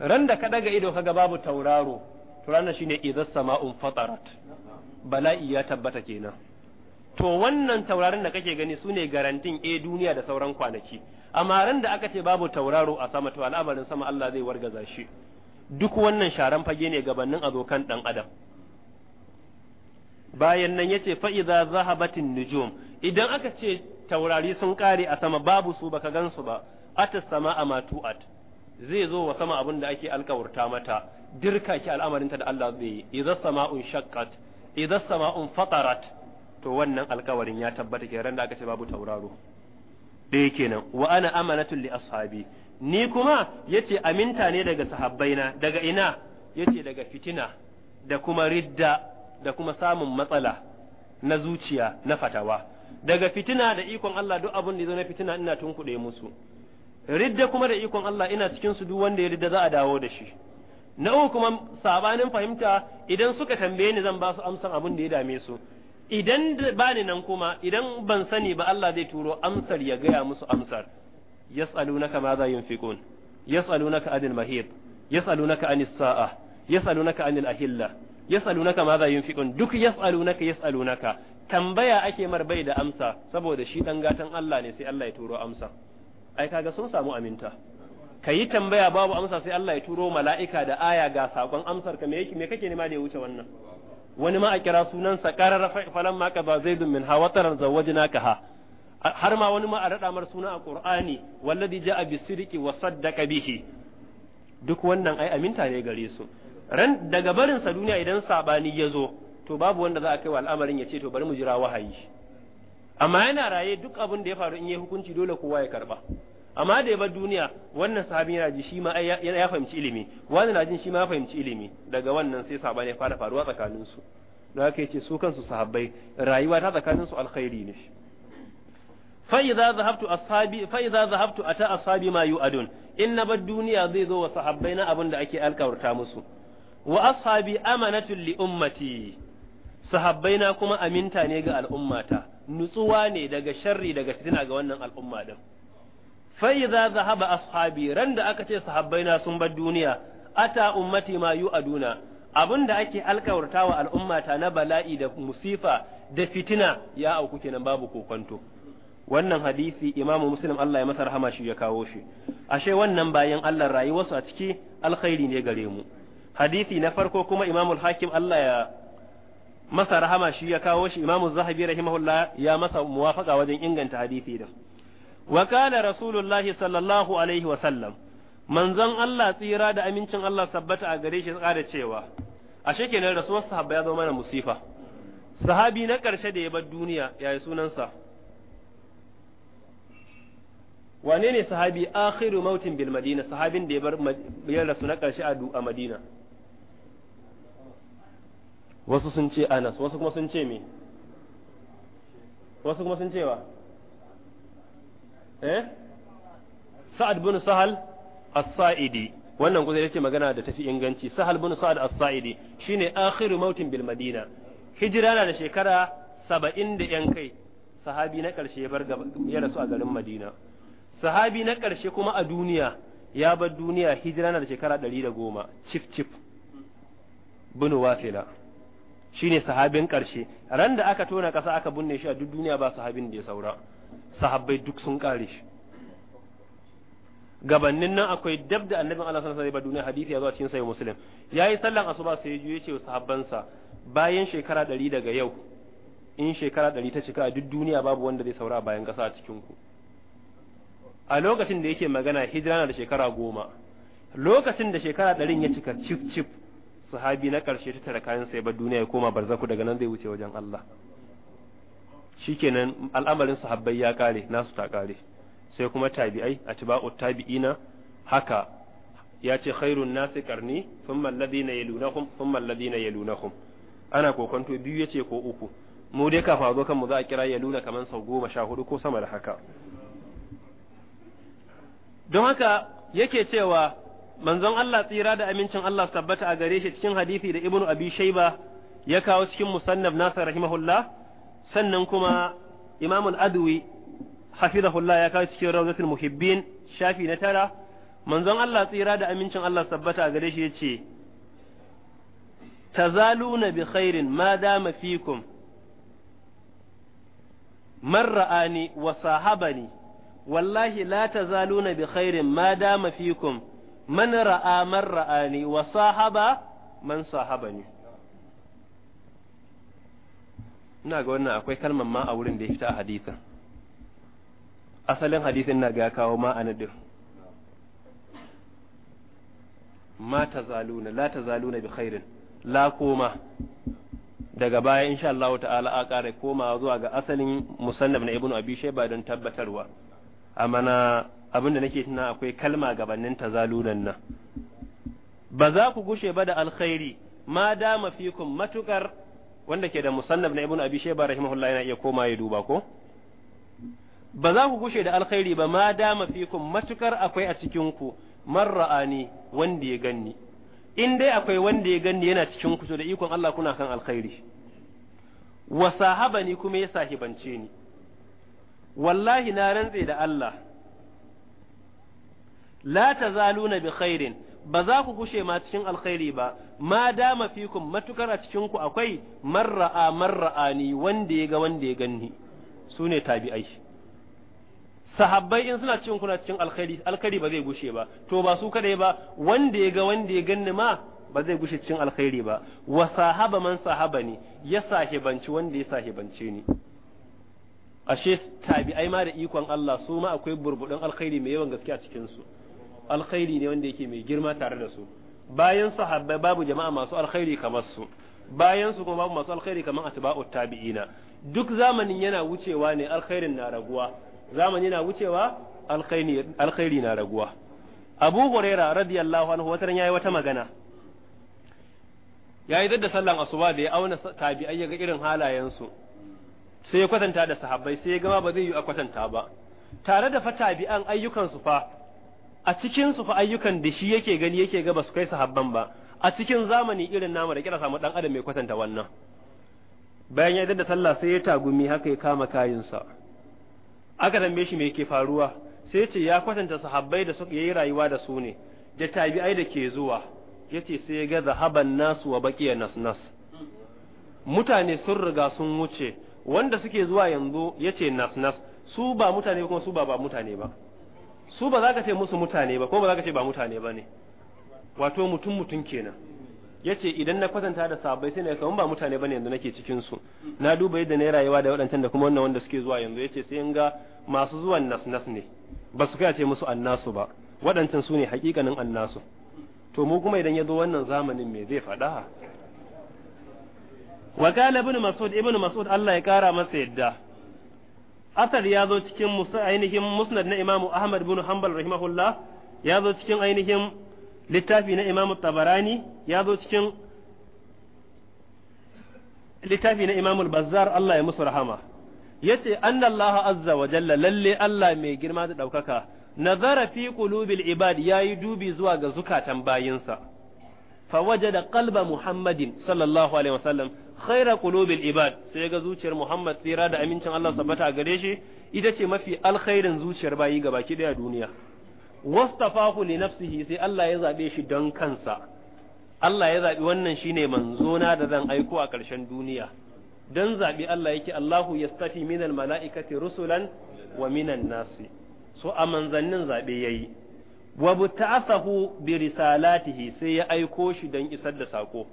S1: ran da ka daga ido kaga babu tauraro to ranar shine idza sama'un fatarat bala'i ya tabbata kenan to wannan taurarin da kake gani sune garantin e duniya da sauran kwanaki amma ran da aka ce babu tauraro a sama to al'amarin sama Allah zai wargaza shi
S2: duk wannan
S1: sharan fage ne gabanin azokan dan adam bayan nan yace fa idza zahabatin nujum idan aka ce taurari sun kare a sama babu su baka gansu ba atas sama matu'at zai zo wa sama abin da ake alkawarta mata dirka ki ta da Allah zai yi idza sama'un shaqqat idza sama'un fatarat to wannan alkawarin ya tabbata ke ran da aka ce babu tauraro ɗaya kenan wa ana amanatul li ashabi ni kuma yace aminta ne daga sahabbaina daga ina yace daga fitina da kuma ridda da kuma samun matsala na zuciya na fatawa daga fitina da ikon Allah duk abin da zo na fitina ina tunkuɗe musu ridda kuma da ikon Allah ina cikin su duk wanda ya ridda za a dawo da shi na uku kuma sabanin fahimta idan suka tambaye ni zan ba su amsan abun da ya dame su idan ba ni nan kuma idan ban sani ba Allah zai turo amsar ya gaya musu amsar yas'alunaka ma za yunfiqun yas'alunaka anil mahid yas'alunaka anis sa'a yas'alunaka anil ahilla yas'alunaka ma za yunfiqun duk yas'alunaka yas'alunaka tambaya ake mar bai da amsa saboda shi dan gatan Allah ne sai Allah ya turo amsa ai kaga sun samu aminta ka yi tambaya babu amsa sai Allah ya turo mala'ika da aya ga sakon amsar ka me kake nema da ya wuce wannan wani ma a kira sunansa qarara falan ma ka ba zaidun min ka ha. har ma wani ma a rada mar suna a qur'ani wallazi a bisiriki wa saddaka bihi duk wannan ai aminta ne gare su ran daga barin sa duniya idan sabani ya zo to babu wanda za a kai wa al'amarin ya ce to bari mu jira wahayi amma yana raye duk abin da ya faru in yi hukunci dole kowa ya karba amma da ya duniya wannan sahabi yana ji shi ma ya fahimci ilimi wani na jin shi ma ya fahimci ilimi daga wannan sai sabani ya fara faruwa tsakanin su don haka yace su kansu sahabbai rayuwa ta tsakanin su alkhairi ne fa idza zahabtu ashabi fa idza zahabtu ata ashabi ma yu'adun in na bar duniya zai zo wa sahabbai na abin da ake alkawarta musu wa ashabi amanatun li ummati sahabbai na kuma aminta ne ga al'ummata nutsuwa ne daga sharri daga fitina ga wannan al'umma din zahaba ran da aka ce sahabbai sun sun duniya duniya ummati أمتي a يؤدون abin da ake wa al'ummata na bala'i da musifa da fitina ya auku kenan babu kokonto wannan hadisi imamu muslim Allah ya masa rahama shi ya kawo shi ashe wannan bayan Allah rayuwarsu a ciki alkhairi ne gare mu hadisi na farko kuma imamu hakim Allah ya masa rahama shi ya kawo shi imamu zahabi rahimahullah ya masa muwafaka wajen inganta hadisi din wa kana rasulullahi sallallahu alaihi wa sallam manzon Allah tsira da amincin Allah sabbata a gare shi tsada cewa ashe kenan rasuwar sahabba ya zama mana musifa sahabi na ƙarshe da ya bar duniya yayi sunansa wane ne sahabi akhiru mautin bil madina sahabin da ya bar ya rasu na ƙarshe a madina wasu sun ce anas wasu kuma sun ce me wasu kuma sun ce wa eh sa'ad bin sahal as-sa'idi wannan kusa yace magana da tafi inganci sahal bin sa'ad as-sa'idi shine akhiru mautin bil madina hijira na da shekara 70 da yan kai sahabi na karshe ya bar ya rasu a garin madina sahabi na karshe kuma a duniya ya bar duniya hijira na da shekara 110 cif cif bin wafila shine sahabin karshe ran da aka tona kasa aka binne shi a duk duniya ba sahabin da ya saura sahabbai duk sun kare shi gabannin nan akwai dab da annabin Allah sallallahu alaihi wasallam duniya hadisi ya zo a cikin sahih muslim yayi sallan asuba sai ya ce sahabbansa bayan shekara 100 daga yau in shekara 100 ta cika a duk duniya babu wanda zai saura bayan kasa a cikin ku a lokacin da yake magana hijira na da shekara goma lokacin da shekara ɗarin ya cika cif cif sahabi na ƙarshe ta tara kayan sai ba duniya ya koma barzaku daga nan zai wuce wajen Allah shikenan al'amarin sahabbai ya kare nasu ta kare sai kuma tabi'ai atba'u tabi'ina haka ya ce khairun nasi karni thumma alladhina yalunahum thumma alladhina yalunahum ana kokonto biyu yace ko uku mu dai kafa zo kanmu za a kira yaluna kaman sau goma sha hudu ko sama da haka don haka yake cewa manzon Allah tsira da amincin Allah su tabbata a gare shi cikin hadisi da Ibnu Abi Shayba ya kawo cikin musannaf nasa rahimahullah sannan kuma imamul adwi hafizahullah ya kawo cikin rawzatul muhibbin shafi na tara manzon Allah tsira da amincin Allah sabbata a gare shi yace tazaluna bi khairin ma dama fikum man ra'ani wa sahabani wallahi la tazaluna bi khairin ma dama fikum man ra'a man ra'ani wa sahaba man sahabani ina ga wannan akwai kalmar ma a wurin da ya fita a hadisin asalin hadisin na ga kawo ma a nadir ma ta zaluna la ta zaluna bi khairin la koma daga baya insha Allah ta'ala a ƙara komawa zuwa ga asalin musannaf na ibnu abi shayba don tabbatarwa amma na abinda nake tuna akwai kalma gabanin ta zalunan nan ba za ku gushe ba da alkhairi ma dama fikum matukar wanda ke da musannaf na ibnu abi shayba rahimahullah yana iya koma ya duba ko ba za ku kushe da alkhairi ba ma dama fikum matukar akwai a cikin ku man ra'ani wanda ya ganni in dai akwai wanda ya ganni yana cikin ku to da ikon Allah kuna kan alkhairi wa sahabani kuma ya sahibance ni wallahi na rantse da Allah la tazaluna bi khairin ba za ku kushe ma cikin alkhairi ba ma dama fikum matukar a cikin ku akwai marra'a marra'a ni wanda ya ga wanda ya ganni su ne tabi'ai sahabbai in suna cikin kuna cikin alkhairi alkhairi ba zai gushe ba to ba su kadai ba wanda ya ga wanda ya ganni ma ba zai gushe cikin alkhairi ba wa sahaba man sahaba ne ya sahibanci wanda ya sahibance ni ashe tabi'ai ma da ikon Allah su ma akwai burbudin alkhairi mai yawan gaske a cikin su alkhairi ne wanda yake mai girma tare da su bayan sahabbai babu jama'a masu alkhairi kamar su bayan su kuma babu masu alkhairi kamar atba'u tabi'ina duk zamanin yana wucewa ne alkhairin na raguwa zamani yana wucewa alkhairi na raguwa abu huraira radiyallahu anhu wata yayi wata magana yayi da sallan asuba da ya auna tabi'ai ya ga irin su sai ya kwatanta da sahabbai sai ya gama ba zai yi a kwatanta ba tare da fa tabi'an ayyukansu fa a cikin su fa ayyukan da shi yake gani yake ga basu kai sahabban ba a cikin zamani irin namu da kira samu dan adam mai kwatanta wannan bayan ya da sallah sai ya tagumi haka ya kama kayinsa aka tambaye shi me yake faruwa sai ce ya kwatanta sahabbai da suka yi rayuwa da su ne da tabi'ai da ke zuwa yace sai ya ga zahaban nasu wa baqiya nas nas mutane sun riga sun wuce wanda suke zuwa yanzu yace nas nas su ba mutane kuma su ba ba mutane ba su ba za ka ce musu mutane ba ko ba za ka ce ba mutane ba ne wato mutum mutum kenan ya ce idan na kwatanta da sabai sai na kaman ba mutane ba ne yanzu nake cikin su na duba yadda na rayuwa da waɗancan da kuma wannan wanda suke zuwa yanzu ya ce sai ga masu zuwan nas nas ne ba su kai ce musu annasu ba waɗancan su ne hakikanin annasu to mu kuma idan ya zo wannan zamanin me zai faɗa wa kala ibn mas'ud ibn mas'ud Allah ya kara masa yadda asar ya zo cikin ainihin musnad na imamu ahmad bin hanbal rahimahullah ya zo cikin ainihin littafi na imamu tabarani ya zo cikin littafi na imam'u bazzar Allah ya musu rahama yace ce, Allah azza wa jalla lalle Allah mai girma da ɗaukaka, nazara fi qulubil ibad ya yi dubi zuwa ga zukatan bayinsa fa da qalba muhammadin sallallahu alaihi wasallam khaira qulubil ibad sai ga zuciyar Muhammad tsira da amincin Allah sabbata gare shi ita ce mafi alkhairin zuciyar bayi ga baki daya duniya wastafahu li nafsihi sai Allah ya zabe shi don kansa Allah ya zabi wannan shine manzona da zan aiko a ƙarshen duniya don zabi Allah yake Allahu yastafi minal mala'ikati rusulan wa minan nasi so a manzannin zabe yayi wa buta'athahu bi risalatihi sai ya aiko shi don isar da sako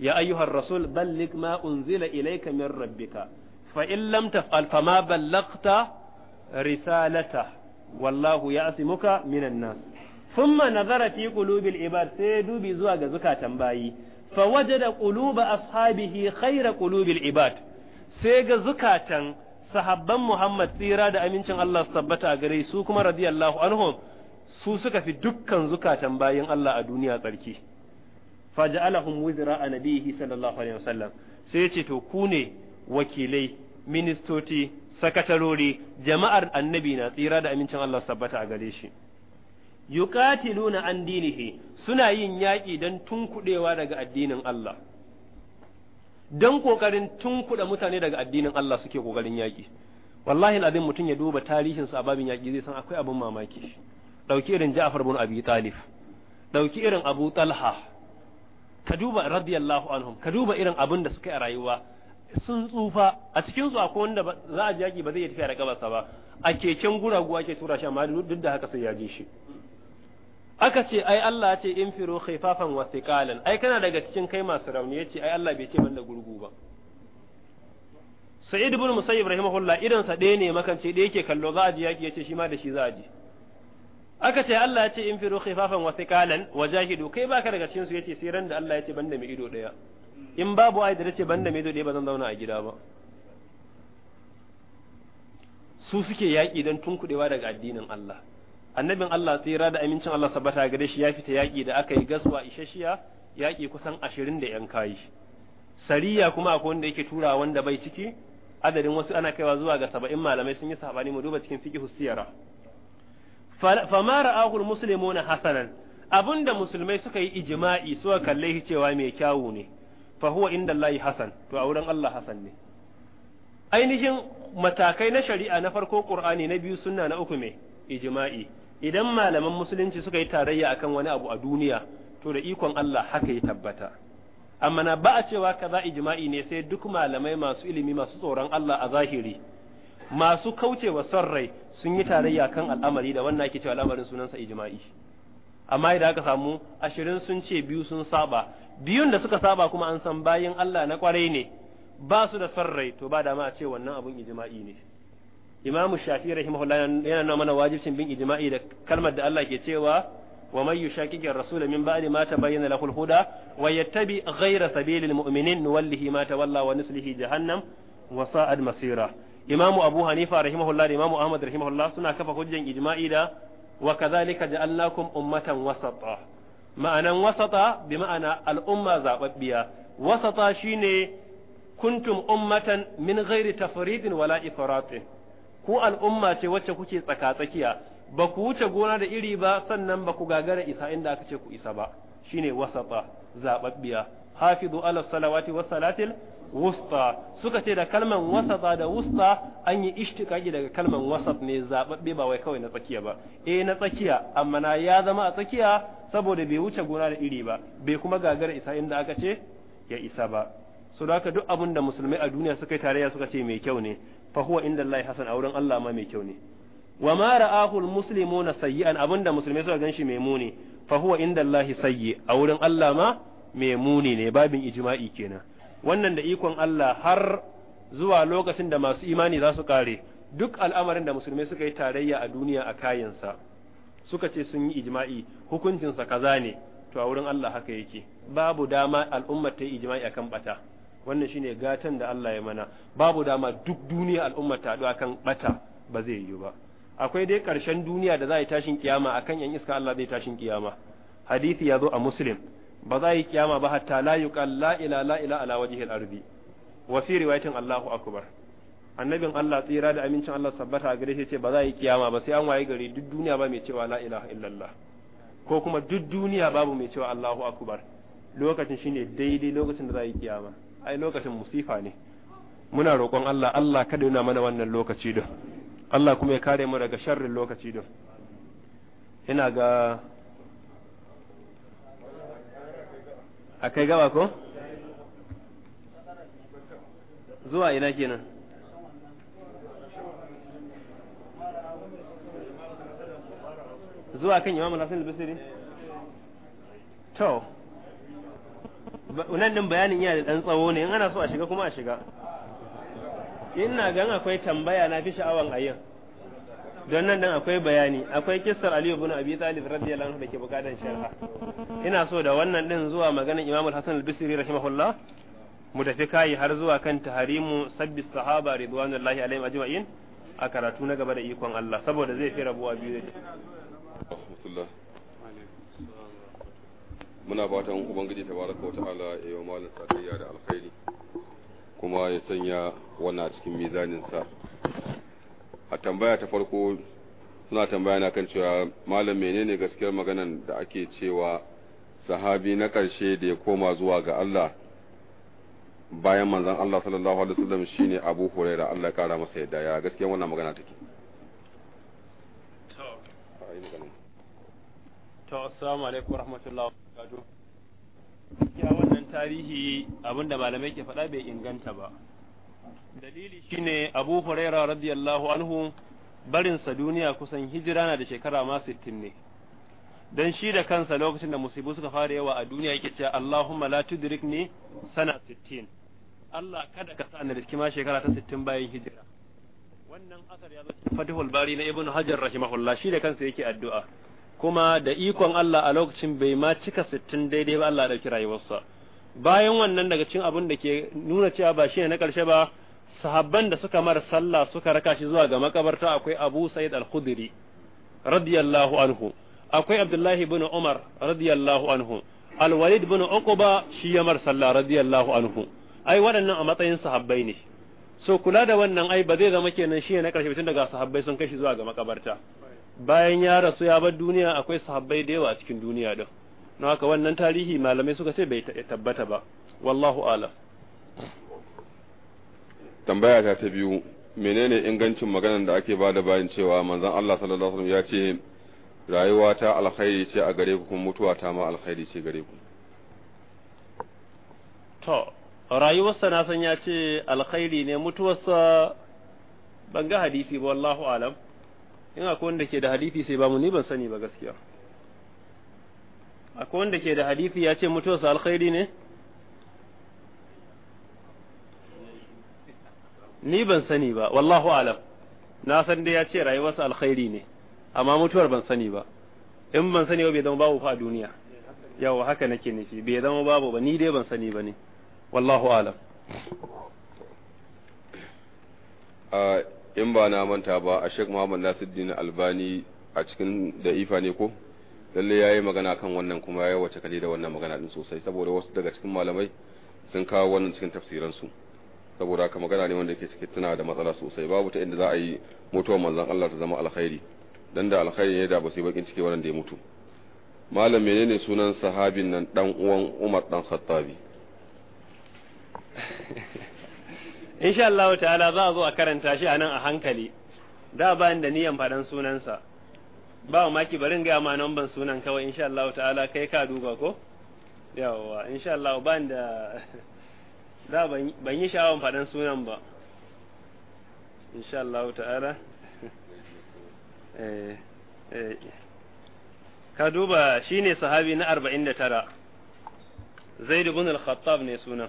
S1: ya ayyuhar rasul balligh ma unzila ilayka min rabbika fa in lam taf'al fama ballaghta risalata wallahu ya'simuka minan nas thumma nazara fi qulubil ibad sai dubi zuwa ga zukatan bayi fa da quluba ashabihi khayra qulubil ibad sai ga zukatan sahabban Muhammad tsira da amincin Allah su tabbata a gare su kuma radiyallahu anhum su suka fi dukkan zukatan bayan Allah a duniya tsarki faja'alahum wizra nabihi sallallahu alaihi wasallam sai ce to ku ne wakilai ministoci sakatarori jama'ar annabi na tsira da amincin Allah sabbata a gare shi yuqatiluna an dinihi suna yin yaƙi dan tunkuɗewa daga addinin Allah dan kokarin tunkuɗa mutane daga addinin Allah suke kokarin yaƙi wallahi alazim mutum ya duba tarihin sa a babin yaƙi zai san akwai abin mamaki dauki irin Ja'far bin Abi Talib dauki irin Abu Talha ka duba radiyallahu anhum ka duba irin abin da suka yi a rayuwa sun tsufa a cikin su akwai wanda za a jaki ba zai tafi da kabarsa ba a keken guragu ake tura shi amma duk da haka sai ya ji shi aka ce ai Allah ce in firo khifafan wa thiqalan ai kana daga cikin kai masu rauni yace ai Allah bai ce ban da gurgu ba Sa'id ibn Musayyib rahimahullah idan sa ɗaya ne makance ɗaya yake kallo za a ji yaki yace shi ma da shi za a ji aka ce Allah ya ce in firu khifafan wa thiqalan wa jahidu kai baka daga cikin su yace sai ran da Allah ya ce banda mai ido daya in babu ai da yace banda mai ido daya ba zan zauna a gida ba su suke yaƙi don tunkuɗewa daga addinin Allah annabin Allah sai ra da amincin Allah sabata gare shi ya fita yaƙi da aka yi gaswa ishashiya yaƙi kusan ashirin da yan kayi sariya kuma akwai wanda yake tura wanda bai ciki adadin wasu ana kaiwa zuwa ga saba'in malamai sun yi sabani mu duba cikin fiƙi siyara fama ra'ahul muslimuna hasanan abinda musulmai suka yi ijma'i suka kalle shi cewa mai kyawu ne fa huwa inda Allah hasan to a wurin Allah hasan ne ainihin matakai na shari'a na farko qur'ani na biyu sunna na uku mai ijma'i idan malaman musulunci suka yi tarayya akan wani abu a duniya to da ikon Allah haka ya tabbata amma na ba a cewa kaza ijma'i ne sai duk malamai masu ilimi masu tsoron Allah a zahiri masu kaucewa son rai sun yi tarayya kan al'amari da wannan ake cewa al'amarin sunansa ijma'i amma idan aka samu ashirin sun ce biyu sun saba biyun da suka saba kuma an san bayin Allah na kwarai ne ba su da son rai to ba dama a ce wannan abun ijma'i ne imamu shafi rahimahullah yana nuna mana wajibcin bin ijma'i da kalmar da Allah ke cewa wa man yushakiki ar-rasula min ba'di ma tabayyana lahu al-huda wa yattabi ghayra sabilil mu'minin nuwallihi ma tawalla wa nuslihi jahannam wa sa'ad masira imamu abu hanifa rahimahullah da imamu ahmad rahimahullah suna kafa hujjan ijma'i da wa kadhalika ja'alnakum ummatan wasata ma'anan wasata bi ma'ana al'umma zababbiya wasata shine kuntum ummatan min ghairi tafridin wala ifratin ku al'umma ce wacce kuke tsaka-tsakiya ba ku wuce gona da iri ba sannan ba ku gagara isa inda aka ce ku isa ba shine wasata zababbiya hafizu ala salawati was salatil wusta suka ce da kalman wasata da wusta an yi ishtiqaqi daga kalman wasat ne zaɓaɓɓe ba wai kawai na tsakiya ba eh na tsakiya amma na ya zama a tsakiya saboda bai wuce gona da iri ba bai kuma gagara isa inda aka ce ya isa ba so da haka duk abin da musulmai a duniya suka yi tarayya suka ce mai kyau ne fa huwa inda Allah hasan a wurin Allah ma mai kyau ne wa ma ra'ahu almuslimuna sayyi'an abinda musulmai suka ganshi mai muni fa huwa inda Allah sayyi a wurin Allah ma mai muni ne babin ijma'i kenan wannan da ikon Allah har zuwa lokacin da masu imani za su kare duk al'amarin da musulmai suka yi tarayya a duniya a kayansa suka ce sun yi ijma'i hukuncinsa kaza ne to a wurin Allah haka yake babu dama al'ummar ta yi ijma'i akan bata wannan shine gatan da Allah ya mana babu dama duk duniya al'ummar ta haɗu akan bata ba zai yiwu ba akwai dai ƙarshen duniya da za a yi tashin kiyama akan yan iska Allah zai tashin kiyama hadisi ya zo a muslim ba za yi kiyama ba hatta la yuqal la ila la ila ala wajhi al-ardi wa fi riwayatin Allahu akbar annabin Allah tsira da amincin Allah sabbata a gare shi ce ba za yi kiyama ba sai an waye gari duk duniya ba mai cewa la ilaha illallah ko kuma duk duniya babu mai cewa Allahu akbar lokacin shine daidai lokacin da za yi kiyama ai lokacin musifa ne muna roƙon Allah Allah kada yana mana wannan lokaci din Allah kuma ya kare mu daga sharrin lokaci din ina ga A kai gaba ko zuwa ina kenan zuwa kan imam al-hasan al-basri to unan din bayanin yana da dan tsawo ne in ana so a shiga kuma a shiga ina gan akwai tambaya na fi sha'awan ayyan don nan dan akwai bayani akwai kissar Ali ibn Abi Talib radiyallahu anhu ke bukatan sharha ina so da wannan din zuwa maganar Imam Al-Hasan Al-Bisri rahimahullah mu tafi kai har zuwa kan taharimu sabbis sahaba ridwanullahi alaihim ajma'in a karatu na gaba da
S2: ikon Allah saboda zai fi rabuwa biyu da muna fatan ubangiji tabaraka wa ta'ala ya yi sakayya da alkhairi kuma ya sanya wannan cikin mizanin sa a tambaya ta farko suna tambaya na kan cewa malam menene gaskiyar maganan da ake cewa sahabi na ƙarshe da ya koma zuwa ga Allah bayan manzon Allah sallallahu alaihi wasallam shine Abu da Allah ya kara masa yadda ya gaskiya wannan magana take
S1: to assalamu alaikum wa wabarakatuh ya wannan tarihi abinda malamai ke faɗa bai inganta ba dalili shine abu huraira radiyallahu anhu barin sa duniya kusan hijira na da shekara ma 60 ne dan shi da kansa lokacin da musibu suka fara yawa a duniya yake cewa Allahumma la tudrikni sana 60 Allah kada ka sani ni riski ma shekara ta 60 bayan hijira wannan asar ya zo cikin Fathul Bari na Ibn Hajar rahimahullah shi da kansa yake addu'a kuma da ikon Allah a lokacin bai ma cika 60 daidai ba Allah ya dauki rayuwarsa bayan wannan daga cikin abin da ke nuna cewa ba shi ne na karshe ba sahabban da suka mara sallah suka raka shi zuwa ga makabarta akwai Abu Sa'id Al-Khudri radiyallahu anhu akwai Abdullahi ibn Umar radiyallahu anhu Al-Walid ibn Uqba shi ya mara sallah radiyallahu anhu ai waɗannan a matsayin sahabbai ne so kula da wannan ai ba zai zama kenan shi na karshe tun daga sahabbai sun kashi zuwa ga makabarta bayan ya rasu ya bar duniya akwai sahabbai da yawa a cikin duniya da na haka wannan tarihi malamai suka ce bai tabbata ba wallahu alam
S2: tambaya ta ta biyu menene ingancin maganar da ake bada bayan cewa manzon Allah sallallahu alaihi wasallam ya ce rayuwa ta alkhairi ce a gare ku kuma mutuwa ta ma alkhairi ce gare ku
S1: to rayuwarsa na san ya ce alkhairi ne mutuwarsa ban ga hadisi ba wallahu alam in akwai wanda ke da hadisi sai ba mu ni ban sani ba gaskiya akwai wanda ke da hadisi ya ce mutuwarsa alkhairi ne ni ban sani ba wallahu alam na san dai ya ce rayuwar rayuwarsa alkhairi ne amma mutuwar ban sani ba in ban sani ba bai zama babu fa duniya
S2: yawa haka nake nufi bai zama babu ba ni dai ban sani ba ne wallahu alam in ba na manta ba a Sheikh Muhammad Nasiruddin Albani a cikin da ifa ne ko lalle ya yi magana kan wannan kuma ya wace kali da wannan magana din sosai saboda wasu daga cikin malamai sun kawo wannan cikin tafsiransu saboda haka magana ne wanda yake cike tana da matsala sosai babu ta inda za a yi mutuwa manzon Allah ta zama alkhairi dan da alkhairi ne da ba sai bakin ciki da ya mutu malam menene sunan sahabin nan dan uwan Umar dan Khattabi
S1: insha Allah ta'ala za a zo a karanta shi anan a hankali da ba inda niyan sunan sa ba maki barin ga ma nan ban sunan kawai insha Allah ta'ala kai ka duba ko yawa insha Allah ba inda da ban yi sha'awan faɗan sunan ba insha Allah ta'ala eh, eh. ka duba shine sahabi na 49 zaid ibn al-khattab ne sunan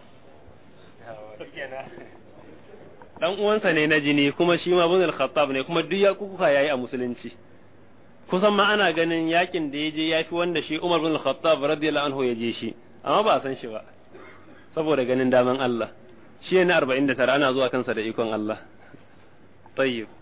S1: dan uwansa ne na jini kuma shi ma ibn al-khattab ne kuma duk ya kuka yayi a musulunci kusan ma ana ganin yakin da ya je yafi wanda shi Umar ibn al-Khattab radiyallahu anhu ya je shi amma ba san shi ba saboda ganin daman Allah shi ne tara ana zuwa kansa da ikon Allah tayyib